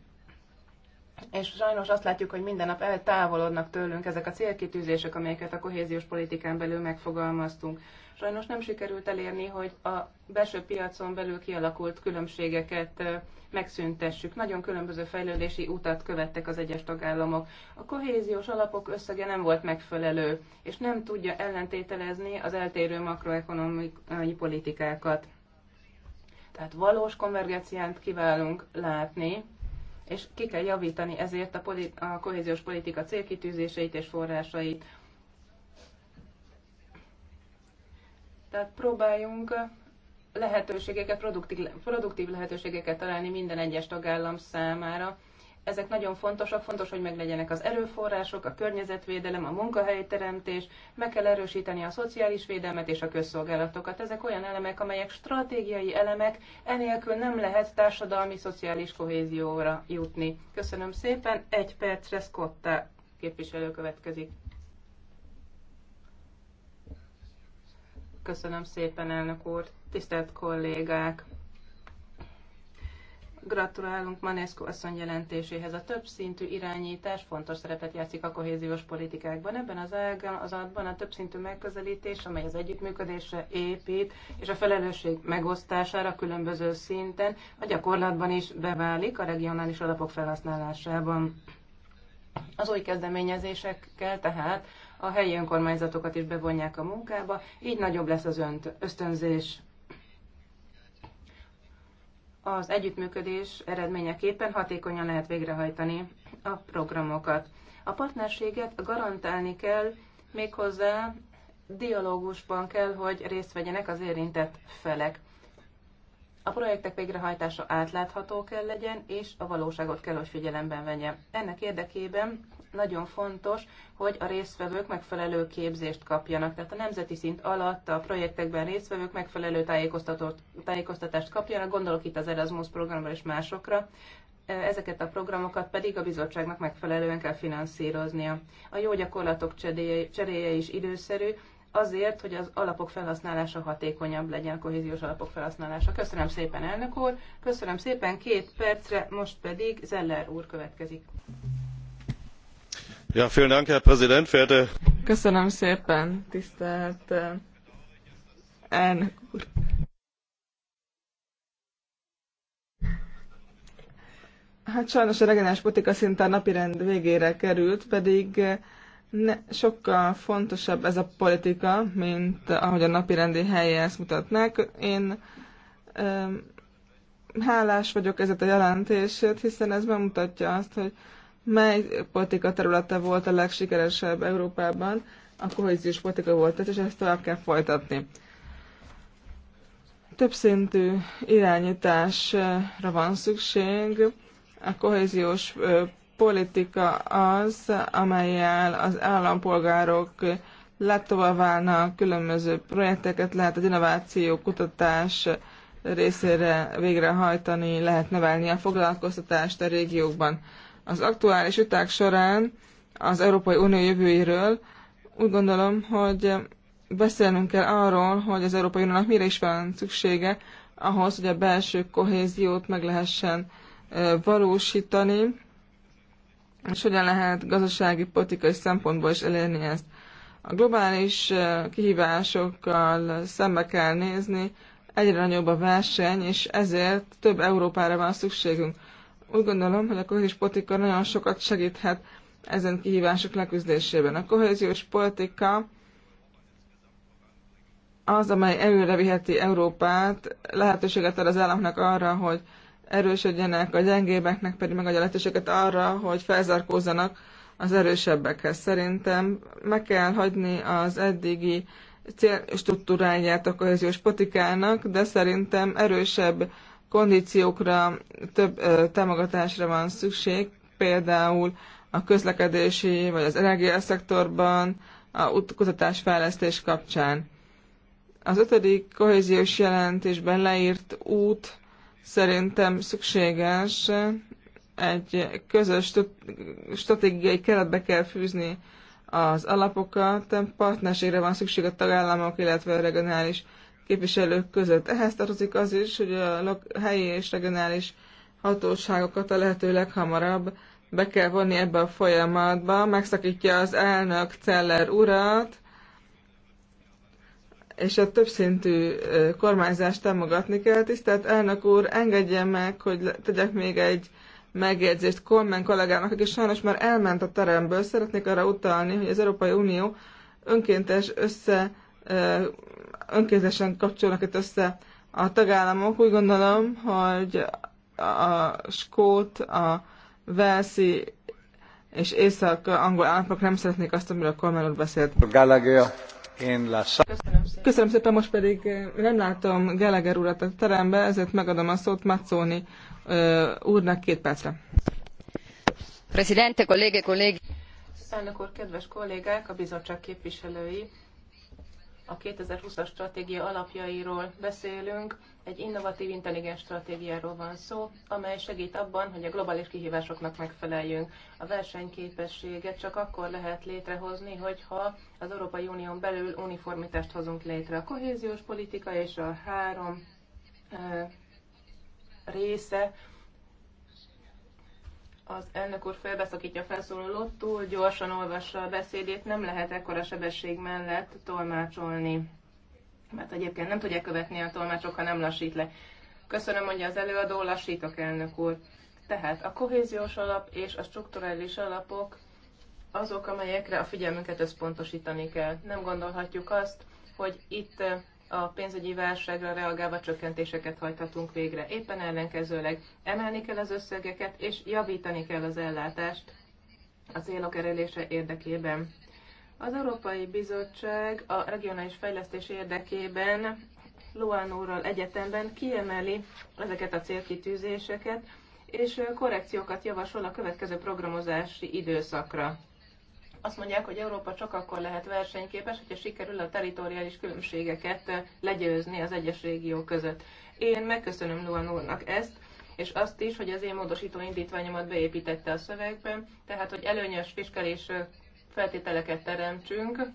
és sajnos azt látjuk, hogy minden nap eltávolodnak tőlünk ezek a célkitűzések, amelyeket a kohéziós politikán belül megfogalmaztunk. Sajnos nem sikerült elérni, hogy a belső piacon belül kialakult különbségeket megszüntessük. Nagyon különböző fejlődési utat követtek az egyes tagállamok. A kohéziós alapok összege nem volt megfelelő, és nem tudja ellentételezni az eltérő makroekonomikai politikákat. Tehát valós konvergenciát kiválunk látni, és ki kell javítani ezért a, politi- a kohéziós politika célkitűzéseit és forrásait. Tehát próbáljunk lehetőségeket, produktív, produktív lehetőségeket találni minden egyes tagállam számára. Ezek nagyon fontosak, fontos, hogy meglegyenek az erőforrások, a környezetvédelem, a munkahelyteremtés, meg kell erősíteni a szociális védelmet és a közszolgálatokat. Ezek olyan elemek, amelyek stratégiai elemek, enélkül nem lehet társadalmi, szociális kohézióra jutni. Köszönöm szépen, egy percre Scotta képviselő következik. Köszönöm szépen, elnök úr, tisztelt kollégák! Gratulálunk Manescu asszony jelentéséhez. A többszintű irányítás fontos szerepet játszik a kohéziós politikákban. Ebben az ágban, az adban a többszintű megközelítés, amely az együttműködésre épít, és a felelősség megosztására különböző szinten, a gyakorlatban is beválik a regionális alapok felhasználásában. Az új kezdeményezésekkel tehát a helyi önkormányzatokat is bevonják a munkába, így nagyobb lesz az ösztönzés. Az együttműködés eredményeképpen hatékonyan lehet végrehajtani a programokat. A partnerséget garantálni kell, méghozzá dialógusban kell, hogy részt vegyenek az érintett felek. A projektek végrehajtása átlátható kell legyen, és a valóságot kell, hogy figyelemben vegye. Ennek érdekében nagyon fontos, hogy a résztvevők megfelelő képzést kapjanak. Tehát a nemzeti szint alatt a projektekben résztvevők megfelelő tájékoztatást kapjanak, gondolok itt az Erasmus programra és másokra, e, ezeket a programokat pedig a bizottságnak megfelelően kell finanszíroznia. A jó gyakorlatok cseréje is időszerű, azért, hogy az alapok felhasználása hatékonyabb legyen, a kohéziós alapok felhasználása. Köszönöm szépen, elnök úr, köszönöm szépen, két percre, most pedig Zeller úr következik. Ja, vielen Herr Präsident, verehrte... tisztelt eh, elnök úr. Hát sajnos a regionális politika a napirend végére került, pedig eh, sokkal fontosabb ez a politika, mint ahogy a napirendi helye ezt mutatnák. Én eh, hálás vagyok ezért a jelentésért hiszen ez bemutatja azt, hogy mely politika területe volt a legsikeresebb Európában, a kohéziós politika volt ez, és ezt tovább kell folytatni. Többszintű irányításra van szükség. A kohéziós politika az, amelyel az állampolgárok láttóvá válnak, különböző projekteket lehet az innováció, kutatás részére végrehajtani, lehet növelni a foglalkoztatást a régiókban. Az aktuális viták során az Európai Unió jövőjéről úgy gondolom, hogy beszélnünk kell arról, hogy az Európai Uniónak mire is van szüksége ahhoz, hogy a belső kohéziót meg lehessen valósítani, és hogyan lehet gazdasági, politikai szempontból is elérni ezt. A globális kihívásokkal szembe kell nézni, egyre nagyobb a verseny, és ezért több Európára van szükségünk. Úgy gondolom, hogy a kohéziós politika nagyon sokat segíthet ezen kihívások leküzdésében. A kohéziós politika az, amely előre viheti Európát, lehetőséget ad az államnak arra, hogy erősödjenek, a gyengébbeknek pedig megadja lehetőséget arra, hogy felzárkózzanak az erősebbekhez. Szerintem meg kell hagyni az eddigi célstruktúráját a kohéziós politikának, de szerintem erősebb kondíciókra, több ö, támogatásra van szükség, például a közlekedési vagy az energiaszektorban, a kutatásfejlesztés kapcsán. Az ötödik kohéziós jelentésben leírt út szerintem szükséges, egy közös stratégiai keretbe kell fűzni az alapokat, partnerségre van szükség a tagállamok, illetve a regionális képviselők között. Ehhez tartozik az is, hogy a helyi és regionális hatóságokat a lehető leghamarabb be kell vonni ebbe a folyamatba, megszakítja az elnök Celler urat, és a többszintű kormányzást támogatni kell. Tisztelt elnök úr, engedje meg, hogy tegyek még egy megjegyzést Kolmen kollégának, aki sajnos már elment a teremből. Szeretnék arra utalni, hogy az Európai Unió önkéntes össze önkézesen kapcsolnak itt össze a tagállamok. Úgy gondolom, hogy a skót, a velszi és észak-angol államok nem szeretnék azt, amiről a kormány úr beszélt. Köszönöm. Köszönöm szépen, most pedig eh, nem látom Gallagher urat a terembe, ezért megadom a szót Mazzoni eh, úrnak két percre. Presidente, kollége, kollégi. Elnök úr, kedves kollégák, a bizottság képviselői! a 2020-as stratégia alapjairól beszélünk, egy innovatív, intelligens stratégiáról van szó, amely segít abban, hogy a globális kihívásoknak megfeleljünk. A versenyképességet csak akkor lehet létrehozni, hogyha az Európai Unión belül uniformitást hozunk létre. A kohéziós politika és a három eh, része az elnök úr félbeszakítja a felszólalót, túl gyorsan olvassa a beszédét, nem lehet ekkora sebesség mellett tolmácsolni. Mert egyébként nem tudják követni a tolmácsok, ha nem lassít le. Köszönöm, mondja az előadó, lassítok, elnök úr. Tehát a kohéziós alap és a strukturális alapok azok, amelyekre a figyelmünket összpontosítani kell. Nem gondolhatjuk azt, hogy itt a pénzügyi válságra reagálva csökkentéseket hajthatunk végre. Éppen ellenkezőleg emelni kell az összegeket, és javítani kell az ellátást a célok erelése érdekében. Az Európai Bizottság a regionális fejlesztés érdekében Luanóral egyetemben kiemeli ezeket a célkitűzéseket, és korrekciókat javasol a következő programozási időszakra azt mondják, hogy Európa csak akkor lehet versenyképes, hogyha sikerül a teritoriális különbségeket eh, legyőzni az egyes régió között. Én megköszönöm Luan úrnak ezt, és azt is, hogy az én módosító indítványomat beépítette a szövegben, tehát hogy előnyös fiskális eh, feltételeket teremtsünk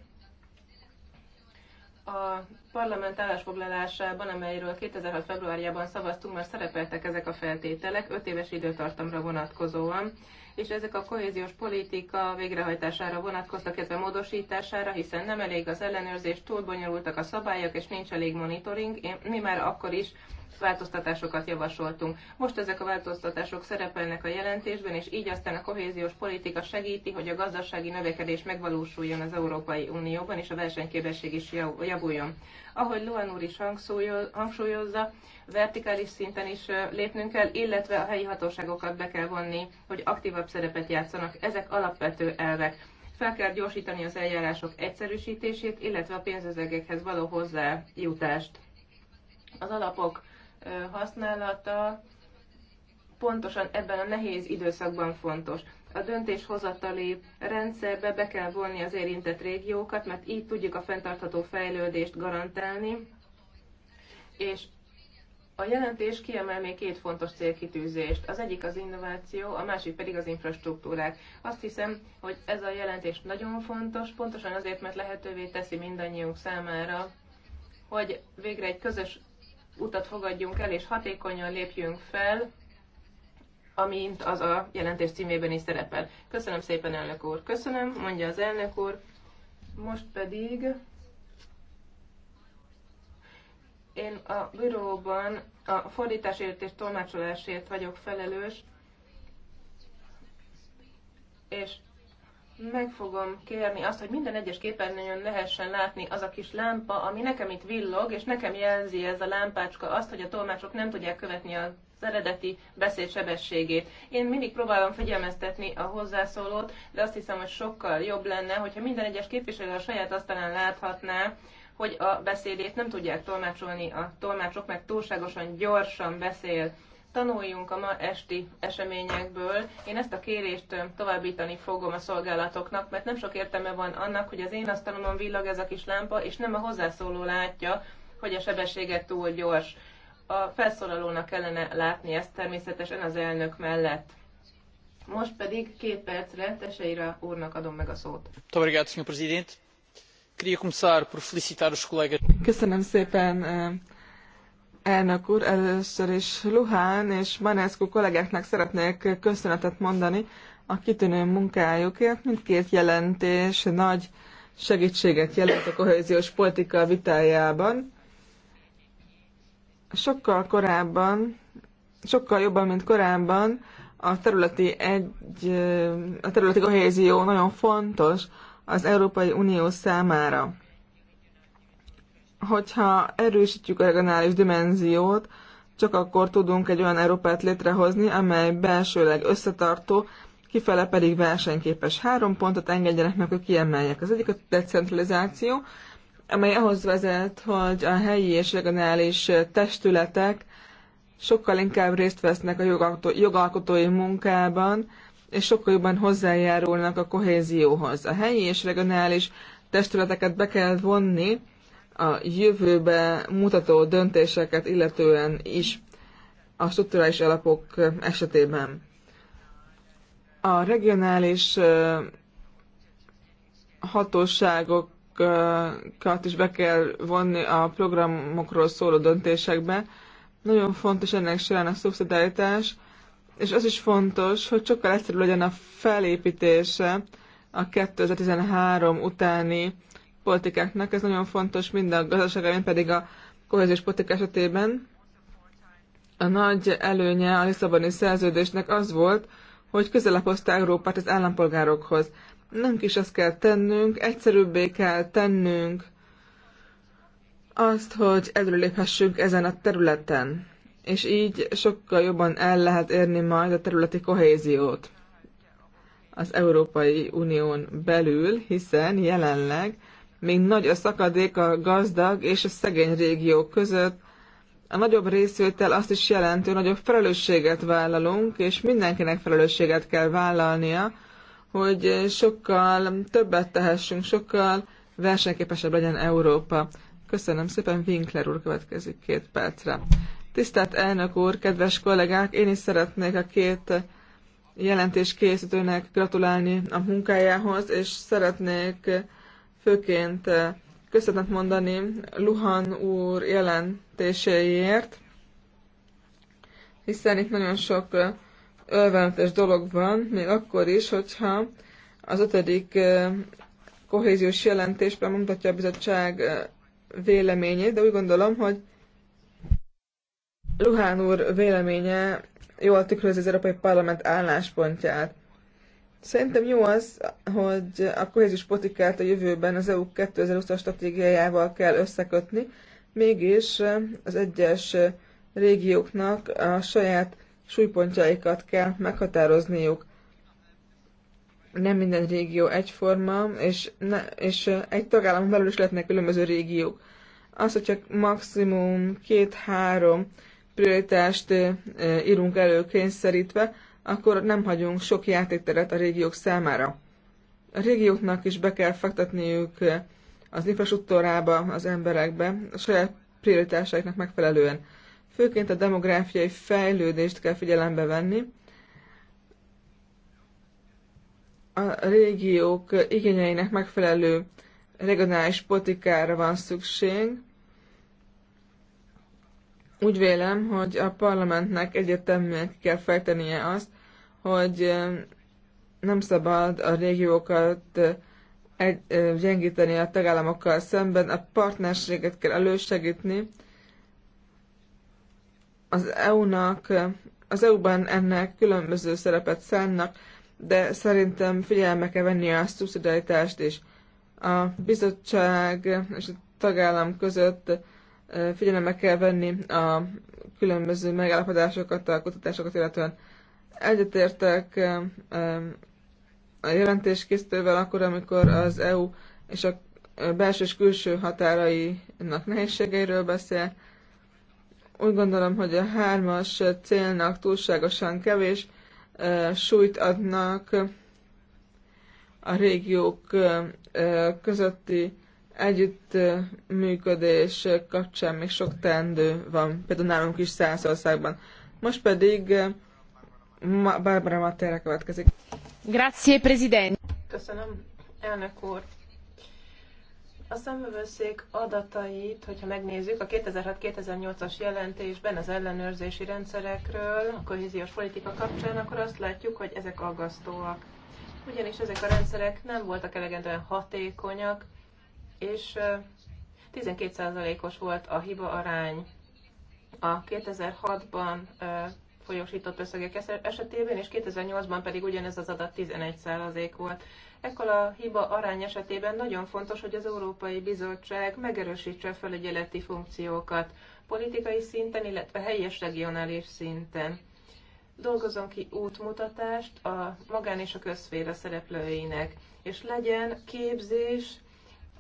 a parlament állásfoglalásában, amelyről 2006. februárjában szavaztunk, már szerepeltek ezek a feltételek 5 éves időtartamra vonatkozóan, és ezek a kohéziós politika végrehajtására vonatkoztak, illetve módosítására, hiszen nem elég az ellenőrzés, túl bonyolultak a szabályok, és nincs elég monitoring. Én, mi már akkor is változtatásokat javasoltunk. Most ezek a változtatások szerepelnek a jelentésben, és így aztán a kohéziós politika segíti, hogy a gazdasági növekedés megvalósuljon az Európai Unióban, és a versenyképesség is javuljon. Ahogy Luan úr is hangsúlyozza, vertikális szinten is lépnünk kell, illetve a helyi hatóságokat be kell vonni, hogy aktívabb szerepet játszanak. Ezek alapvető elvek fel kell gyorsítani az eljárások egyszerűsítését, illetve a pénzözegekhez való hozzájutást. Az alapok használata pontosan ebben a nehéz időszakban fontos. A döntéshozatali rendszerbe be kell vonni az érintett régiókat, mert így tudjuk a fenntartható fejlődést garantálni, és a jelentés kiemel még két fontos célkitűzést. Az egyik az innováció, a másik pedig az infrastruktúrák. Azt hiszem, hogy ez a jelentés nagyon fontos, pontosan azért, mert lehetővé teszi mindannyiunk számára, hogy végre egy közös utat fogadjunk el, és hatékonyan lépjünk fel, amint az a jelentés címében is szerepel. Köszönöm szépen, elnök úr. Köszönöm, mondja az elnök úr. Most pedig én a büróban a fordításért és tolmácsolásért vagyok felelős, és meg fogom kérni azt, hogy minden egyes képernyőn lehessen látni az a kis lámpa, ami nekem itt villog, és nekem jelzi ez a lámpácska azt, hogy a tolmácsok nem tudják követni az eredeti beszéd sebességét. Én mindig próbálom figyelmeztetni a hozzászólót, de azt hiszem, hogy sokkal jobb lenne, hogyha minden egyes képviselő a saját asztalán láthatná, hogy a beszédét nem tudják tolmácsolni a tolmácsok, meg túlságosan gyorsan beszél tanuljunk a ma esti eseményekből. Én ezt a kérést továbbítani fogom a szolgálatoknak, mert nem sok értelme van annak, hogy az én asztalomon villag ez a kis lámpa, és nem a hozzászóló látja, hogy a sebességet túl gyors. A felszólalónak kellene látni ezt természetesen az elnök mellett. Most pedig két percre Teseira úrnak adom meg a szót. Köszönöm szépen, Elnök úr, először is Luhán és Manescu kollégáknak szeretnék köszönetet mondani a kitűnő munkájukért. Mindkét jelentés nagy segítséget jelent a kohéziós politika vitájában. Sokkal korábban, sokkal jobban, mint korábban a területi, egy, a területi kohézió nagyon fontos az Európai Unió számára. Hogyha erősítjük a regionális dimenziót, csak akkor tudunk egy olyan Európát létrehozni, amely belsőleg összetartó, kifele pedig versenyképes. Három pontot engedjenek meg, hogy kiemeljek. Az egyik a decentralizáció, amely ahhoz vezet, hogy a helyi és regionális testületek sokkal inkább részt vesznek a jogalkotói munkában, és sokkal jobban hozzájárulnak a kohézióhoz. A helyi és regionális testületeket be kell vonni a jövőbe mutató döntéseket illetően is a strukturális alapok esetében. A regionális hatóságokat is be kell vonni a programokról szóló döntésekbe. Nagyon fontos ennek során a szubszidiaritás, és az is fontos, hogy sokkal egyszerűbb legyen a felépítése a 2013 utáni politikáknak. Ez nagyon fontos mind a gazdasági, pedig a kohéziós politika esetében. A nagy előnye a Lisszaboni szerződésnek az volt, hogy közelebb hozta Európát az állampolgárokhoz. Nem is azt kell tennünk, egyszerűbbé kell tennünk azt, hogy előléphessünk ezen a területen, és így sokkal jobban el lehet érni majd a területi kohéziót az Európai Unión belül, hiszen jelenleg míg nagy a szakadék a gazdag és a szegény régiók között. A nagyobb részvétel azt is jelenti, hogy nagyobb felelősséget vállalunk, és mindenkinek felelősséget kell vállalnia, hogy sokkal többet tehessünk, sokkal versenyképesebb legyen Európa. Köszönöm szépen, Winkler úr következik két percre. Tisztelt elnök úr, kedves kollégák, én is szeretnék a két jelentés készítőnek gratulálni a munkájához, és szeretnék főként eh, köszönet mondani Luhan úr jelentéséért, hiszen itt nagyon sok eh, örvendetes dolog van, még akkor is, hogyha az ötödik eh, kohéziós jelentésben mutatja a bizottság véleményét, de úgy gondolom, hogy Luhán úr véleménye jól tükrözi az Európai Parlament álláspontját. Szerintem jó az, hogy a kohézis potikát a jövőben az EU 2020-as stratégiájával kell összekötni, mégis az egyes régióknak a saját súlypontjaikat kell meghatározniuk. Nem minden régió egyforma, és, ne, és egy tagállam belül is lehetnek különböző régiók. Az, csak maximum két-három prioritást eh, írunk elő kényszerítve, akkor nem hagyunk sok játékteret a régiók számára. A régióknak is be kell fektetniük eh, az infrastruktúrába, az emberekbe, a saját prioritásaiknak megfelelően. Főként a demográfiai fejlődést kell figyelembe venni. A régiók igényeinek megfelelő regionális politikára van szükség, úgy vélem, hogy a parlamentnek egyértelműen ki kell fejtenie azt, hogy nem szabad a régiókat egy, gyengíteni a tagállamokkal szemben, a partnerséget kell elősegíteni Az EU-nak, az EU-ban ennek különböző szerepet szánnak, de szerintem figyelme kell venni a szubszidaritást is. A bizottság és a tagállam között figyelembe kell venni a különböző megállapodásokat, a kutatásokat illetően. Egyetértek a jelentéskészítővel akkor, amikor az EU és a belső és külső határainak nehézségeiről beszél. Úgy gondolom, hogy a hármas célnak túlságosan kevés e, súlyt adnak a régiók e, e, közötti együttműködés kapcsán még sok teendő van, például nálunk is Szászországban. Most pedig eh, Barbara Matera következik. Grazie, President. Köszönöm, elnök úr. A szemövőszék adatait, hogyha megnézzük, a 2006-2008-as jelentésben az ellenőrzési rendszerekről, a kohéziós politika kapcsán, akkor azt látjuk, hogy ezek aggasztóak. Ugyanis ezek a rendszerek nem voltak elegendően hatékonyak, és 12%-os volt a hiba arány a 2006-ban folyósított összegek esetében, és 2008-ban pedig ugyanez az adat 11% volt. Ekkor a hiba arány esetében nagyon fontos, hogy az Európai Bizottság megerősítse a felügyeleti funkciókat politikai szinten, illetve helyi regionális szinten. Dolgozzon ki útmutatást a magán és a közféra szereplőinek, és legyen képzés,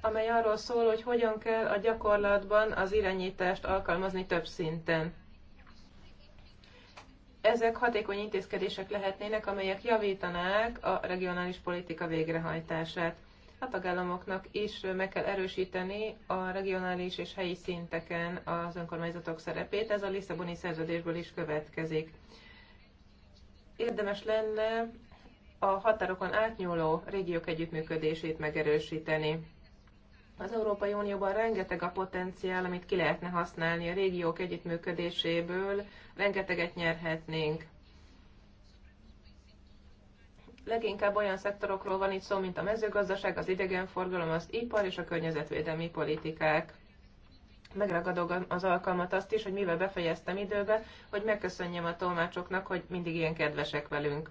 amely arról szól, hogy hogyan kell a gyakorlatban az irányítást alkalmazni több szinten. Ezek hatékony intézkedések lehetnének, amelyek javítanák a regionális politika végrehajtását. A tagállamoknak is meg kell erősíteni a regionális és helyi szinteken az önkormányzatok szerepét, ez a Lisszaboni szerződésből is következik. Érdemes lenne a határokon átnyúló régiók együttműködését megerősíteni. Az Európai Unióban rengeteg a potenciál, amit ki lehetne használni a régiók együttműködéséből, rengeteget nyerhetnénk. Leginkább olyan szektorokról van itt szó, mint a mezőgazdaság, az idegenforgalom, az ipar és a környezetvédelmi politikák megragadom az alkalmat azt is, hogy mivel befejeztem időbe, hogy megköszönjem a tolmácsoknak, hogy mindig ilyen kedvesek velünk.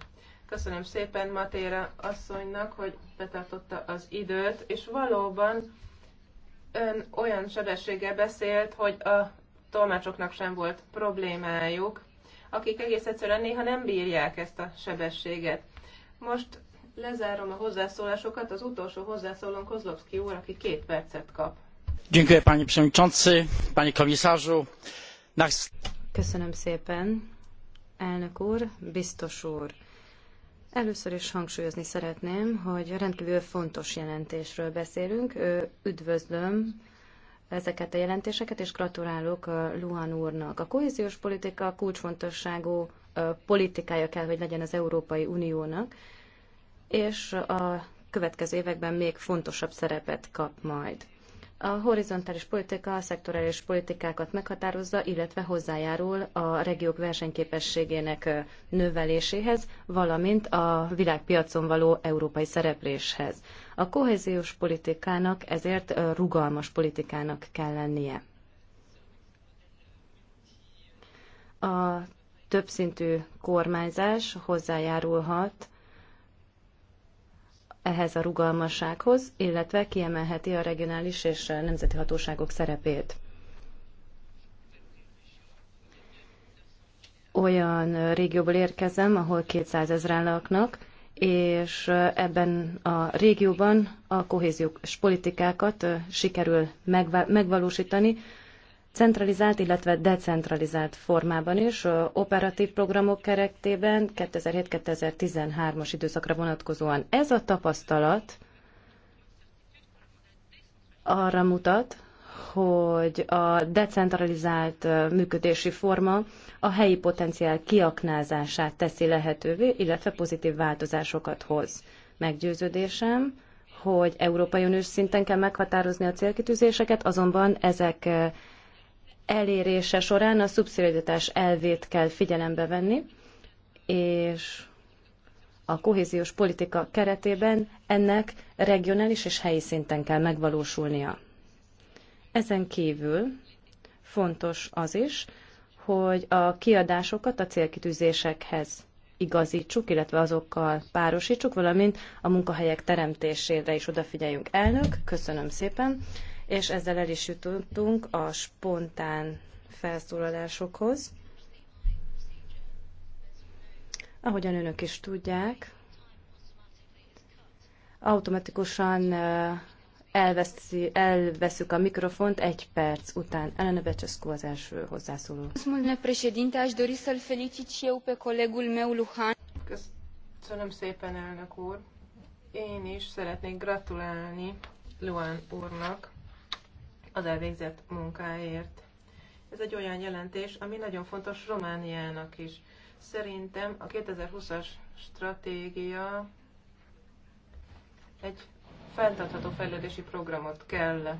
Köszönöm szépen Matéra asszonynak, hogy betartotta az időt, és valóban Ön olyan sebességgel beszélt, hogy a tolmácsoknak sem volt problémájuk, akik egész egyszerűen néha nem bírják ezt a sebességet. Most lezárom a hozzászólásokat, az utolsó hozzászólón Kozlovszki úr, aki két percet kap. Köszönöm szépen, elnök úr, biztos úr. Először is hangsúlyozni szeretném, hogy rendkívül fontos jelentésről beszélünk. Üdvözlöm ezeket a jelentéseket, és gratulálok Luhan úrnak. A kohéziós politika kulcsfontosságú politikája kell, hogy legyen az Európai Uniónak, és a következő években még fontosabb szerepet kap majd. A horizontális politika a szektorális politikákat meghatározza, illetve hozzájárul a regiók versenyképességének növeléséhez, valamint a világpiacon való európai szerepléshez. A kohéziós politikának ezért rugalmas politikának kell lennie. A többszintű kormányzás hozzájárulhat ehhez a rugalmassághoz, illetve kiemelheti a regionális és nemzeti hatóságok szerepét. Olyan régióból érkezem, ahol 200 ezeren laknak, és ebben a régióban a kohéziós politikákat sikerül megvalósítani, centralizált, illetve decentralizált formában is, operatív programok keretében 2007-2013-as időszakra vonatkozóan. Ez a tapasztalat arra mutat, hogy a decentralizált működési forma a helyi potenciál kiaknázását teszi lehetővé, illetve pozitív változásokat hoz. Meggyőződésem, hogy Európai Uniós szinten kell meghatározni a célkitűzéseket, azonban ezek elérése során a szubszidiaritás elvét kell figyelembe venni, és a kohéziós politika keretében ennek regionális és helyi szinten kell megvalósulnia. Ezen kívül fontos az is, hogy a kiadásokat a célkitűzésekhez igazítsuk, illetve azokkal párosítsuk, valamint a munkahelyek teremtésére is odafigyeljünk. Elnök, köszönöm szépen és ezzel el is jutottunk a spontán felszólalásokhoz. Ahogyan önök is tudják, automatikusan elveszi, elveszük a mikrofont egy perc után. Elena Becescu az első hozzászóló. Köszönöm szépen, elnök úr. Én is szeretnék gratulálni Luan úrnak az elvégzett munkáért. Ez egy olyan jelentés, ami nagyon fontos Romániának is. Szerintem a 2020-as stratégia egy fenntartható fejlődési programot kell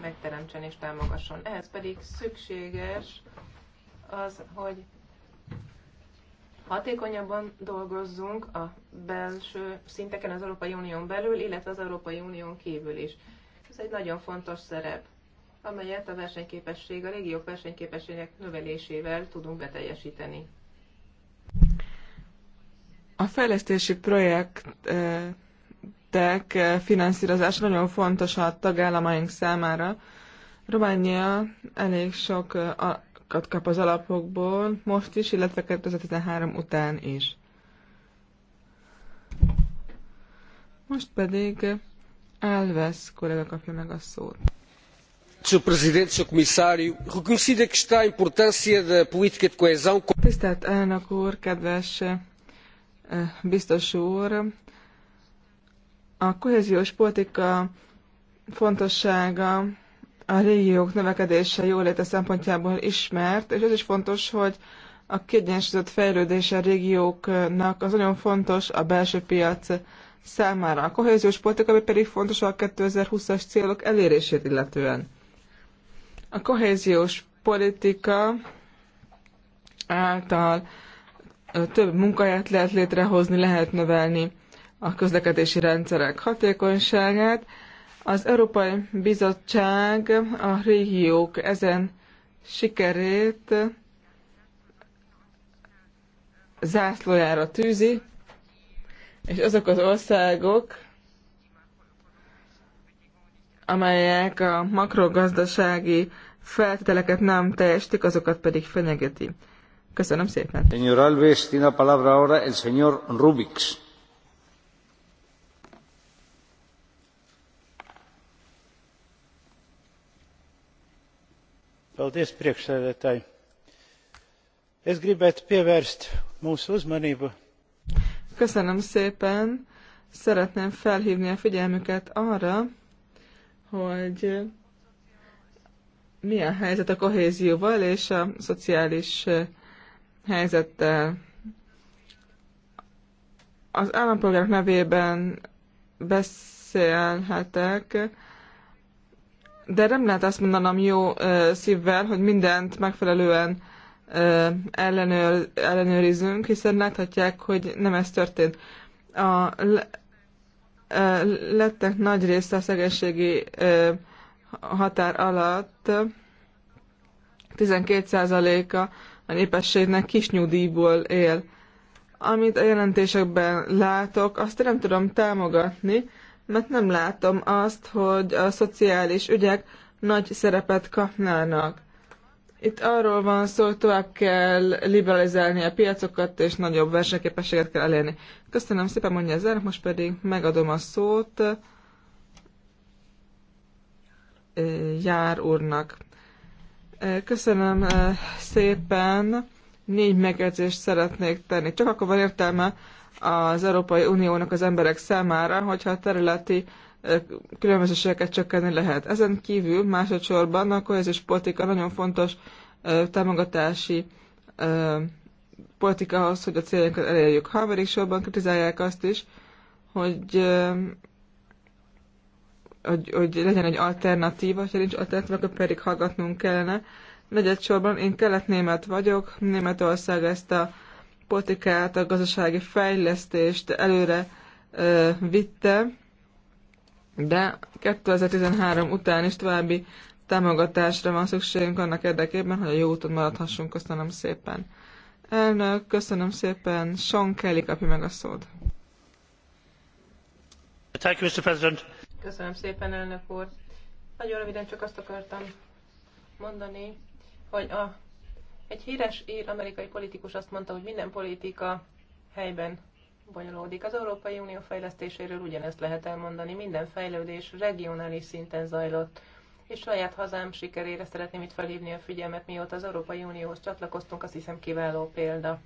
megteremtsen és támogasson. Ehhez pedig szükséges az, hogy hatékonyabban dolgozzunk a belső szinteken az Európai Unión belül, illetve az Európai Unión kívül is. Ez egy nagyon fontos szerep, amelyet a versenyképesség, a régiók versenyképességek növelésével tudunk beteljesíteni. A fejlesztési projektek finanszírozása nagyon fontos a tagállamaink számára. Románia elég sokat kap az alapokból most is, illetve 2013 után is. Most pedig Alves kollega kapja meg a szót. Sr. Presidente, Sr. Comissário, reconhecida que está a importância da política de coesão... Tisztelt elnök úr, kedves eh, biztos úr! A kohéziós politika fontossága a régiók növekedése jóléte szempontjából ismert, és ez is fontos, hogy a kiegyensúlyozott fejlődése a régióknak az nagyon fontos a belső piac számára. A kohéziós politika pedig fontos a 2020-as célok elérését illetően. A kohéziós politika által több munkahelyet lehet létrehozni, lehet növelni a közlekedési rendszerek hatékonyságát. Az Európai Bizottság a régiók ezen sikerét zászlójára tűzi, és azok az országok, amelyek a makrogazdasági feltételeket nem teljesítik, azokat pedig fenyegeti. Köszönöm szépen. Señor Alves, tiene a palabra ahora el señor Rubix. Paldies, priekšsēdētāji. Es gribētu pievērst mūsu uzmanību Köszönöm szépen. Szeretném felhívni a figyelmüket arra, hogy milyen helyzet a kohézióval és a szociális helyzettel. Az állampolgárok nevében beszélhetek, de nem lehet azt mondanom jó szívvel, hogy mindent megfelelően ellenőr, ellenőrizzünk, hiszen láthatják, hogy nem ez történt. A lettek nagy része a szegénységi határ alatt 12%-a a népességnek kis nyugdíjból él. Amit a jelentésekben látok, azt nem tudom támogatni, mert nem látom azt, hogy a szociális ügyek nagy szerepet kapnának. Itt arról van szó, hogy tovább kell liberalizálni a piacokat, és nagyobb versenyképességet kell elérni. Köszönöm szépen, mondja ezzel, most pedig megadom a szót Jár úrnak. Köszönöm szépen. Négy megjegyzést szeretnék tenni. Csak akkor van értelme az Európai Uniónak az emberek számára, hogyha a területi különbözőségeket csökkenni lehet. Ezen kívül másodszorban a kohéziós politika nagyon fontos támogatási politika ahhoz, hogy a céljainkat elérjük. Harmadik sorban kritizálják azt is, hogy, hogy, hogy legyen egy alternatíva, ha nincs alternatíva, akkor pedig hallgatnunk kellene. Negyed sorban én kelet-német vagyok, Németország ezt a politikát, a gazdasági fejlesztést előre vitte, de 2013 után is további támogatásra van szükségünk annak érdekében, hogy a jó úton maradhassunk. Köszönöm szépen. Elnök, köszönöm szépen. Sean Kelly kapja meg a szót. Köszönöm szépen, elnök úr. Nagyon röviden csak azt akartam mondani, hogy a, egy híres ír amerikai politikus azt mondta, hogy minden politika helyben bonyolódik. Az Európai Unió fejlesztéséről ugyanezt lehet elmondani. Minden fejlődés regionális szinten zajlott és saját hazám sikerére szeretném itt felhívni a figyelmet, mióta az Európai Unióhoz csatlakoztunk, azt hiszem kiváló példa.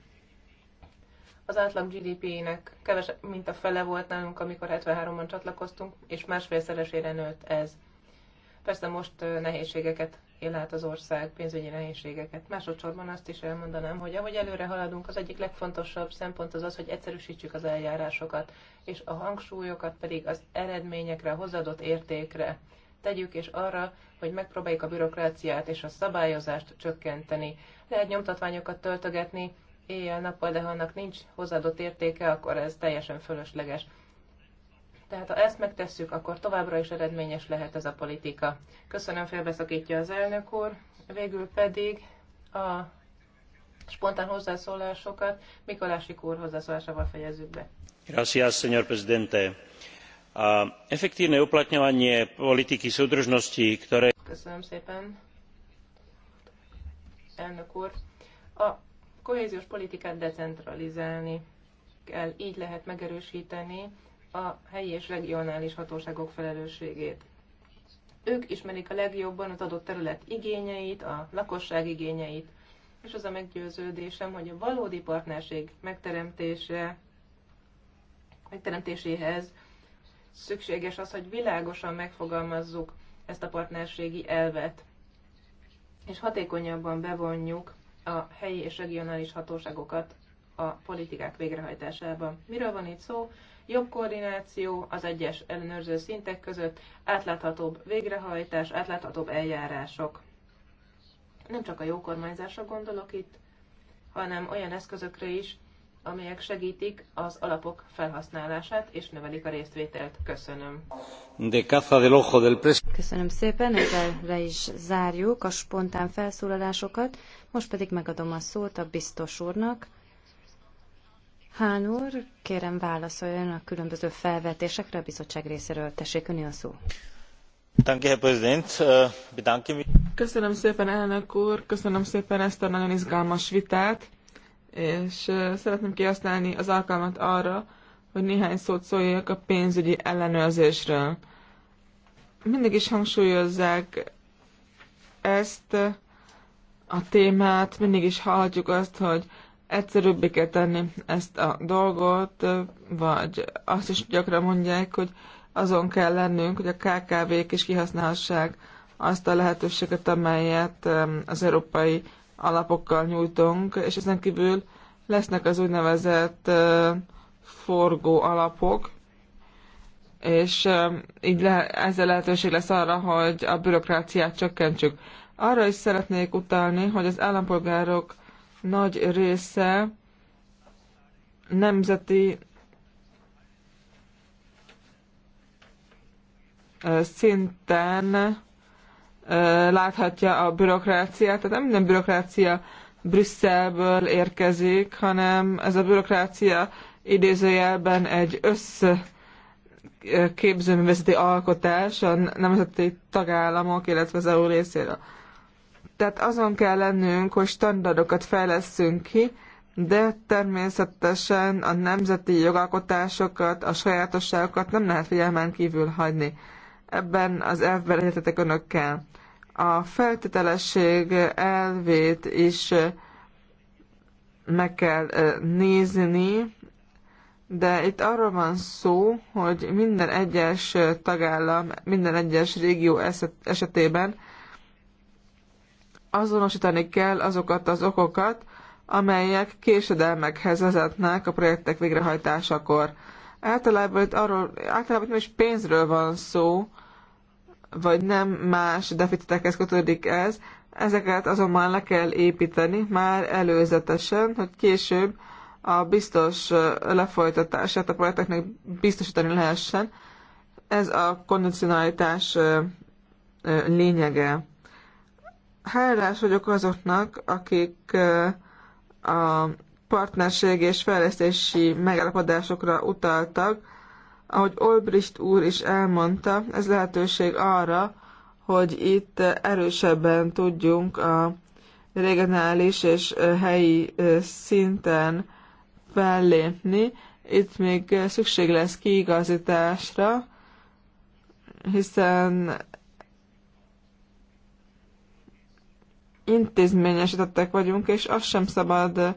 Az átlag GDP-nek kevesebb, mint a fele volt nálunk, amikor 73-ban csatlakoztunk, és másfélszeresére nőtt ez. Persze most nehézségeket él át az ország, pénzügyi nehézségeket. Másodszorban azt is elmondanám, hogy ahogy előre haladunk, az egyik legfontosabb szempont az az, hogy egyszerűsítsük az eljárásokat, és a hangsúlyokat pedig az eredményekre, a hozadott értékre tegyük, és arra, hogy megpróbáljuk a bürokráciát és a szabályozást csökkenteni. Lehet nyomtatványokat töltögetni éjjel-nappal, de ha annak nincs hozadott értéke, akkor ez teljesen fölösleges. Tehát ha ezt megtesszük, akkor továbbra is eredményes lehet ez a politika. Köszönöm, felbeszakítja az elnök úr. Végül pedig a spontán hozzászólásokat Mikolási úr hozzászólásával fejezzük be. Gracias, señor presidente. A efektívne uplatňovanie politiky súdržnosti, ktoré... Köszönöm szépen, elnök úr. A kohéziós politikát decentralizálni kell, így lehet megerősíteni a helyi és regionális hatóságok felelősségét. Ők ismerik a legjobban az adott terület igényeit, a lakosság igényeit, és az a meggyőződésem, hogy a valódi partnerség megteremtése, megteremtéséhez szükséges az, hogy világosan megfogalmazzuk ezt a partnerségi elvet, és hatékonyabban bevonjuk a helyi és regionális hatóságokat a politikák végrehajtásába. Miről van itt szó? jobb koordináció az egyes ellenőrző szintek között, átláthatóbb végrehajtás, átláthatóbb eljárások. Nem csak a jó kormányzásra gondolok itt, hanem olyan eszközökre is, amelyek segítik az alapok felhasználását és növelik a részvételt. Köszönöm. De caza del ojo del pres- Köszönöm szépen, ezzel le is zárjuk a spontán felszólalásokat. Most pedig megadom a szót a biztos úrnak, Hán úr, kérem válaszoljon a különböző felvetésekre a bizottság részéről. Tessék, öni a szó. Äh, köszönöm szépen, elnök úr, köszönöm szépen ezt a nagyon izgalmas vitát, és szeretném kihasználni az alkalmat arra, hogy néhány szót szóljak a pénzügyi ellenőrzésről. Mindig is hangsúlyozzák ezt a témát, mindig is hallhatjuk azt, hogy egyszerűbbé kell tenni ezt a dolgot, vagy azt is gyakran mondják, hogy azon kell lennünk, hogy a KKV-k is kihasználhassák azt a lehetőséget, amelyet az európai alapokkal nyújtunk, és ezen kívül lesznek az úgynevezett forgó alapok, és így le, a lehetőség lesz arra, hogy a bürokráciát csökkentsük. Arra is szeretnék utalni, hogy az állampolgárok nagy része nemzeti szinten láthatja a bürokráciát. Tehát nem minden bürokrácia Brüsszelből érkezik, hanem ez a bürokrácia idézőjelben egy össz képzőművészeti alkotás a nemzeti tagállamok, illetve az EU részéről. Tehát azon kell lennünk, hogy standardokat fejleszünk ki, de természetesen a nemzeti jogalkotásokat, a sajátosságokat nem lehet figyelmen kívül hagyni. Ebben az elvben egyetetek önökkel. A feltételesség elvét is meg kell nézni, de itt arról van szó, hogy minden egyes tagállam, minden egyes régió esetében azonosítani kell azokat az okokat, amelyek késedelmekhez vezetnek a projektek végrehajtásakor. Általában itt, arról, általában itt is pénzről van szó, vagy nem más deficitekhez kötődik ez, ezeket azonban le kell építeni már előzetesen, hogy később a biztos lefolytatását a projekteknek biztosítani lehessen. Ez a kondicionalitás lényege hálás vagyok azoknak, akik a partnerség és fejlesztési megállapodásokra utaltak. Ahogy Olbricht úr is elmondta, ez lehetőség arra, hogy itt erősebben tudjunk a regionális és helyi szinten fellépni. Itt még szükség lesz kiigazításra, hiszen intézményesítettek vagyunk, és azt sem szabad eh,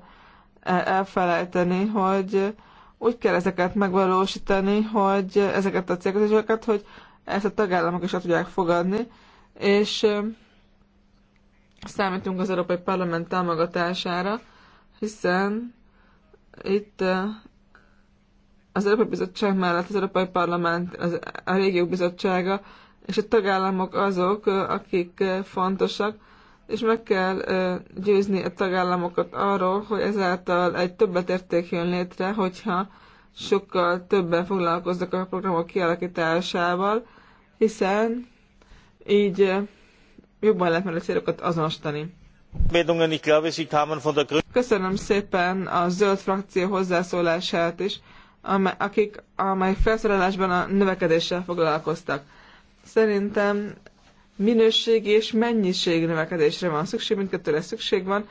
elfelejteni, hogy úgy kell ezeket megvalósítani, hogy ezeket a célközösségeket, hogy ezt a tagállamok is el tudják fogadni, és eh, számítunk az Európai Parlament támogatására, hiszen itt eh, az Európai Bizottság mellett az Európai Parlament, az, a régiók bizottsága és a tagállamok azok, akik fontosak, és meg kell győzni a tagállamokat arról, hogy ezáltal egy érték jön létre, hogyha sokkal többen foglalkoznak a programok kialakításával, hiszen így jobban lehet a célokat azonosítani. Köszönöm szépen a zöld frakció hozzászólását is, amely, akik, amely felszerelésben a növekedéssel foglalkoztak. Szerintem minőségi és mennyiség növekedésre van szükség, mindkettőre szükség van,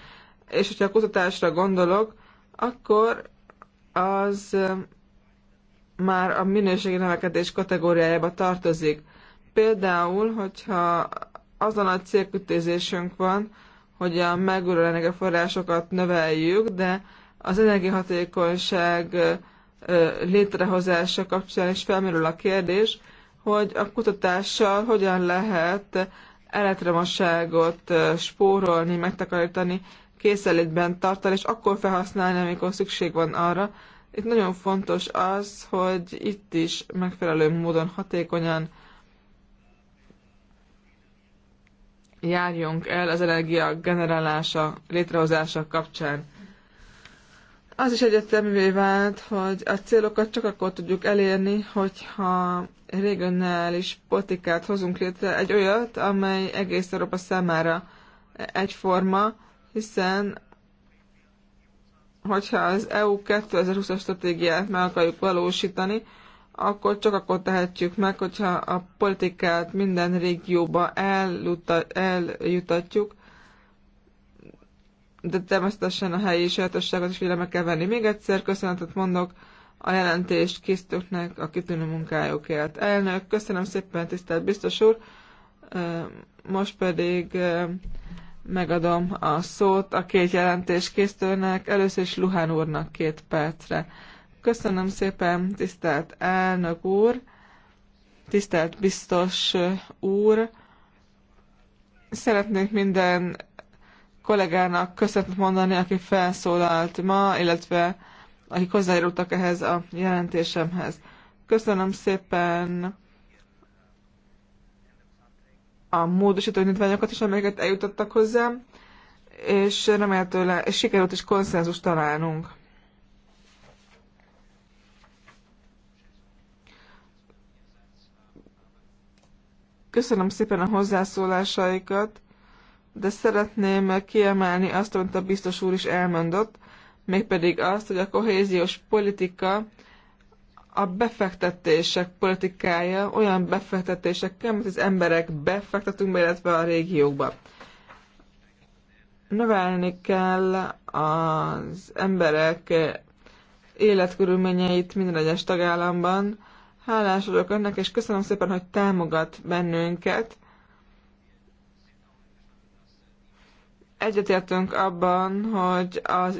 és hogyha a kutatásra gondolok, akkor az már a minőségi növekedés kategóriájába tartozik. Például, hogyha azon a célkütézésünk van, hogy a megújuló energiaforrásokat növeljük, de az energiahatékonyság létrehozása kapcsán is felmerül a kérdés, hogy a kutatással hogyan lehet elektromosságot spórolni, megtakarítani, készelétben tartani, és akkor felhasználni, amikor szükség van arra. Itt nagyon fontos az, hogy itt is megfelelő módon hatékonyan járjunk el az energia generálása, létrehozása kapcsán. Az is egyeteművé vált, hogy a célokat csak akkor tudjuk elérni, hogyha regionális politikát hozunk létre, egy olyat, amely egész Európa számára egyforma, hiszen hogyha az EU 2020-as stratégiát meg akarjuk valósítani, akkor csak akkor tehetjük meg, hogyha a politikát minden régióba eljutatjuk, de természetesen a helyi sajátosságot is figyelembe kell venni. Még egyszer köszönetet mondok a jelentést Kisztöknek, a kitűnő munkájukért. Elnök, köszönöm szépen, tisztelt biztos úr. Most pedig megadom a szót a két jelentés készítőnek, először is Luhán úrnak két percre. Köszönöm szépen, tisztelt elnök úr, tisztelt biztos úr. Szeretnék minden kollégának köszönet mondani, aki felszólalt ma, illetve akik hozzájárultak ehhez a jelentésemhez. Köszönöm szépen a módosító indítványokat is, amelyeket eljutottak hozzám, és remélhetőleg és sikerült is konszenzus találnunk. Köszönöm szépen a hozzászólásaikat de szeretném kiemelni azt, amit a biztos úr is elmondott, mégpedig azt, hogy a kohéziós politika a befektetések politikája olyan befektetésekkel, amit az emberek befektetünk be, illetve a régiókba. Növelni kell az emberek életkörülményeit minden egyes tagállamban. Hálás vagyok önnek, és köszönöm szépen, hogy támogat bennünket Egyetértünk abban, hogy az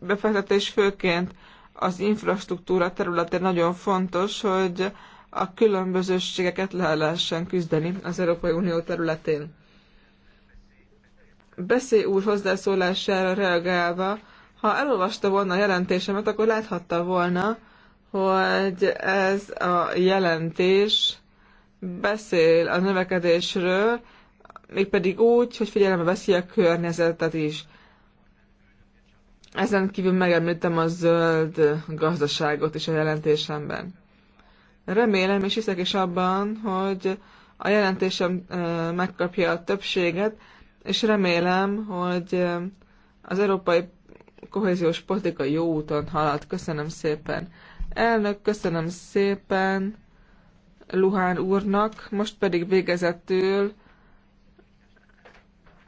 befektetés főként az infrastruktúra területén nagyon fontos, hogy a különbözőségeket le lehessen küzdeni az Európai Unió területén. Beszély úr hozzászólására reagálva, ha elolvasta volna a jelentésemet, akkor láthatta volna, hogy ez a jelentés beszél a növekedésről, mégpedig úgy, hogy figyelembe veszi a környezetet is. Ezen kívül megemlítem a zöld gazdaságot is a jelentésemben. Remélem és hiszek is abban, hogy a jelentésem megkapja a többséget, és remélem, hogy az európai kohéziós politika jó úton halad. Köszönöm szépen. Elnök, köszönöm szépen Luhán úrnak, most pedig végezetül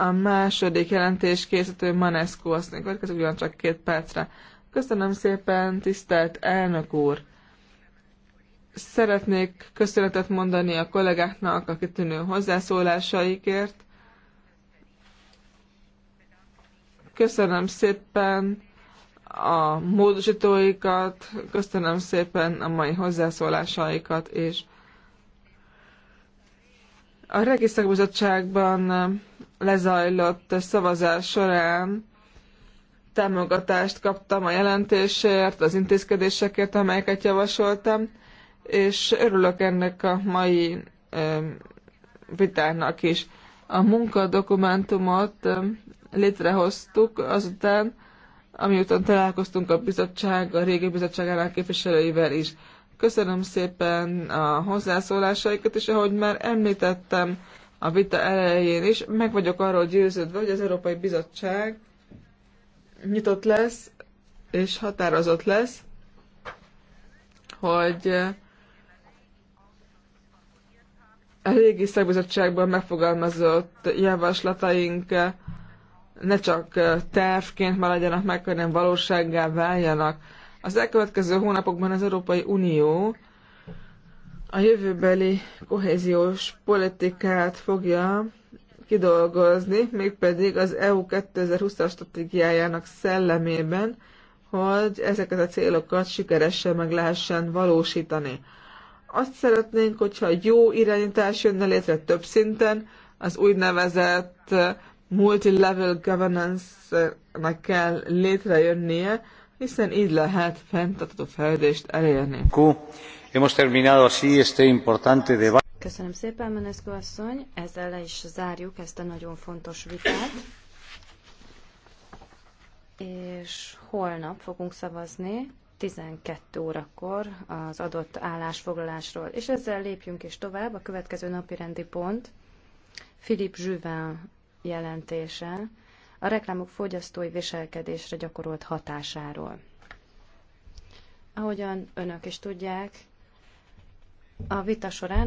a második jelentés készítő Manescu, hogy következik ugyancsak két percre. Köszönöm szépen, tisztelt elnök úr! Szeretnék köszönetet mondani a kollégáknak a kitűnő hozzászólásaikért. Köszönöm szépen a módosítóikat, köszönöm szépen a mai hozzászólásaikat, és a Regiszterbizottságban lezajlott szavazás során támogatást kaptam a jelentésért, az intézkedésekért, amelyeket javasoltam, és örülök ennek a mai vitának is. A munkadokumentumot létrehoztuk azután, amiután találkoztunk a bizottság, a régi bizottságának képviselőivel is. Köszönöm szépen a hozzászólásaikat, és ahogy már említettem a vita elején is, meg vagyok arról győződve, hogy az Európai Bizottság nyitott lesz, és határozott lesz, hogy a régi szakbizottságban megfogalmazott javaslataink ne csak tervként maradjanak meg, hanem valósággá váljanak. Az elkövetkező hónapokban az Európai Unió a jövőbeli kohéziós politikát fogja kidolgozni, mégpedig az EU 2020-as stratégiájának szellemében, hogy ezeket a célokat sikeresen meg lehessen valósítani. Azt szeretnénk, hogyha jó irányítás jönne létre több szinten, az úgynevezett multi-level governance-nek kell létrejönnie, hiszen így lehet fenntartható fejlődést elérni. Köszönöm szépen, Meneszko asszony. Ezzel le is zárjuk ezt a nagyon fontos vitát. És holnap fogunk szavazni 12 órakor az adott állásfoglalásról. És ezzel lépjünk is tovább. A következő napi rendi pont Philippe Juvin jelentése a reklámok fogyasztói viselkedésre gyakorolt hatásáról. Ahogyan önök is tudják, a vita során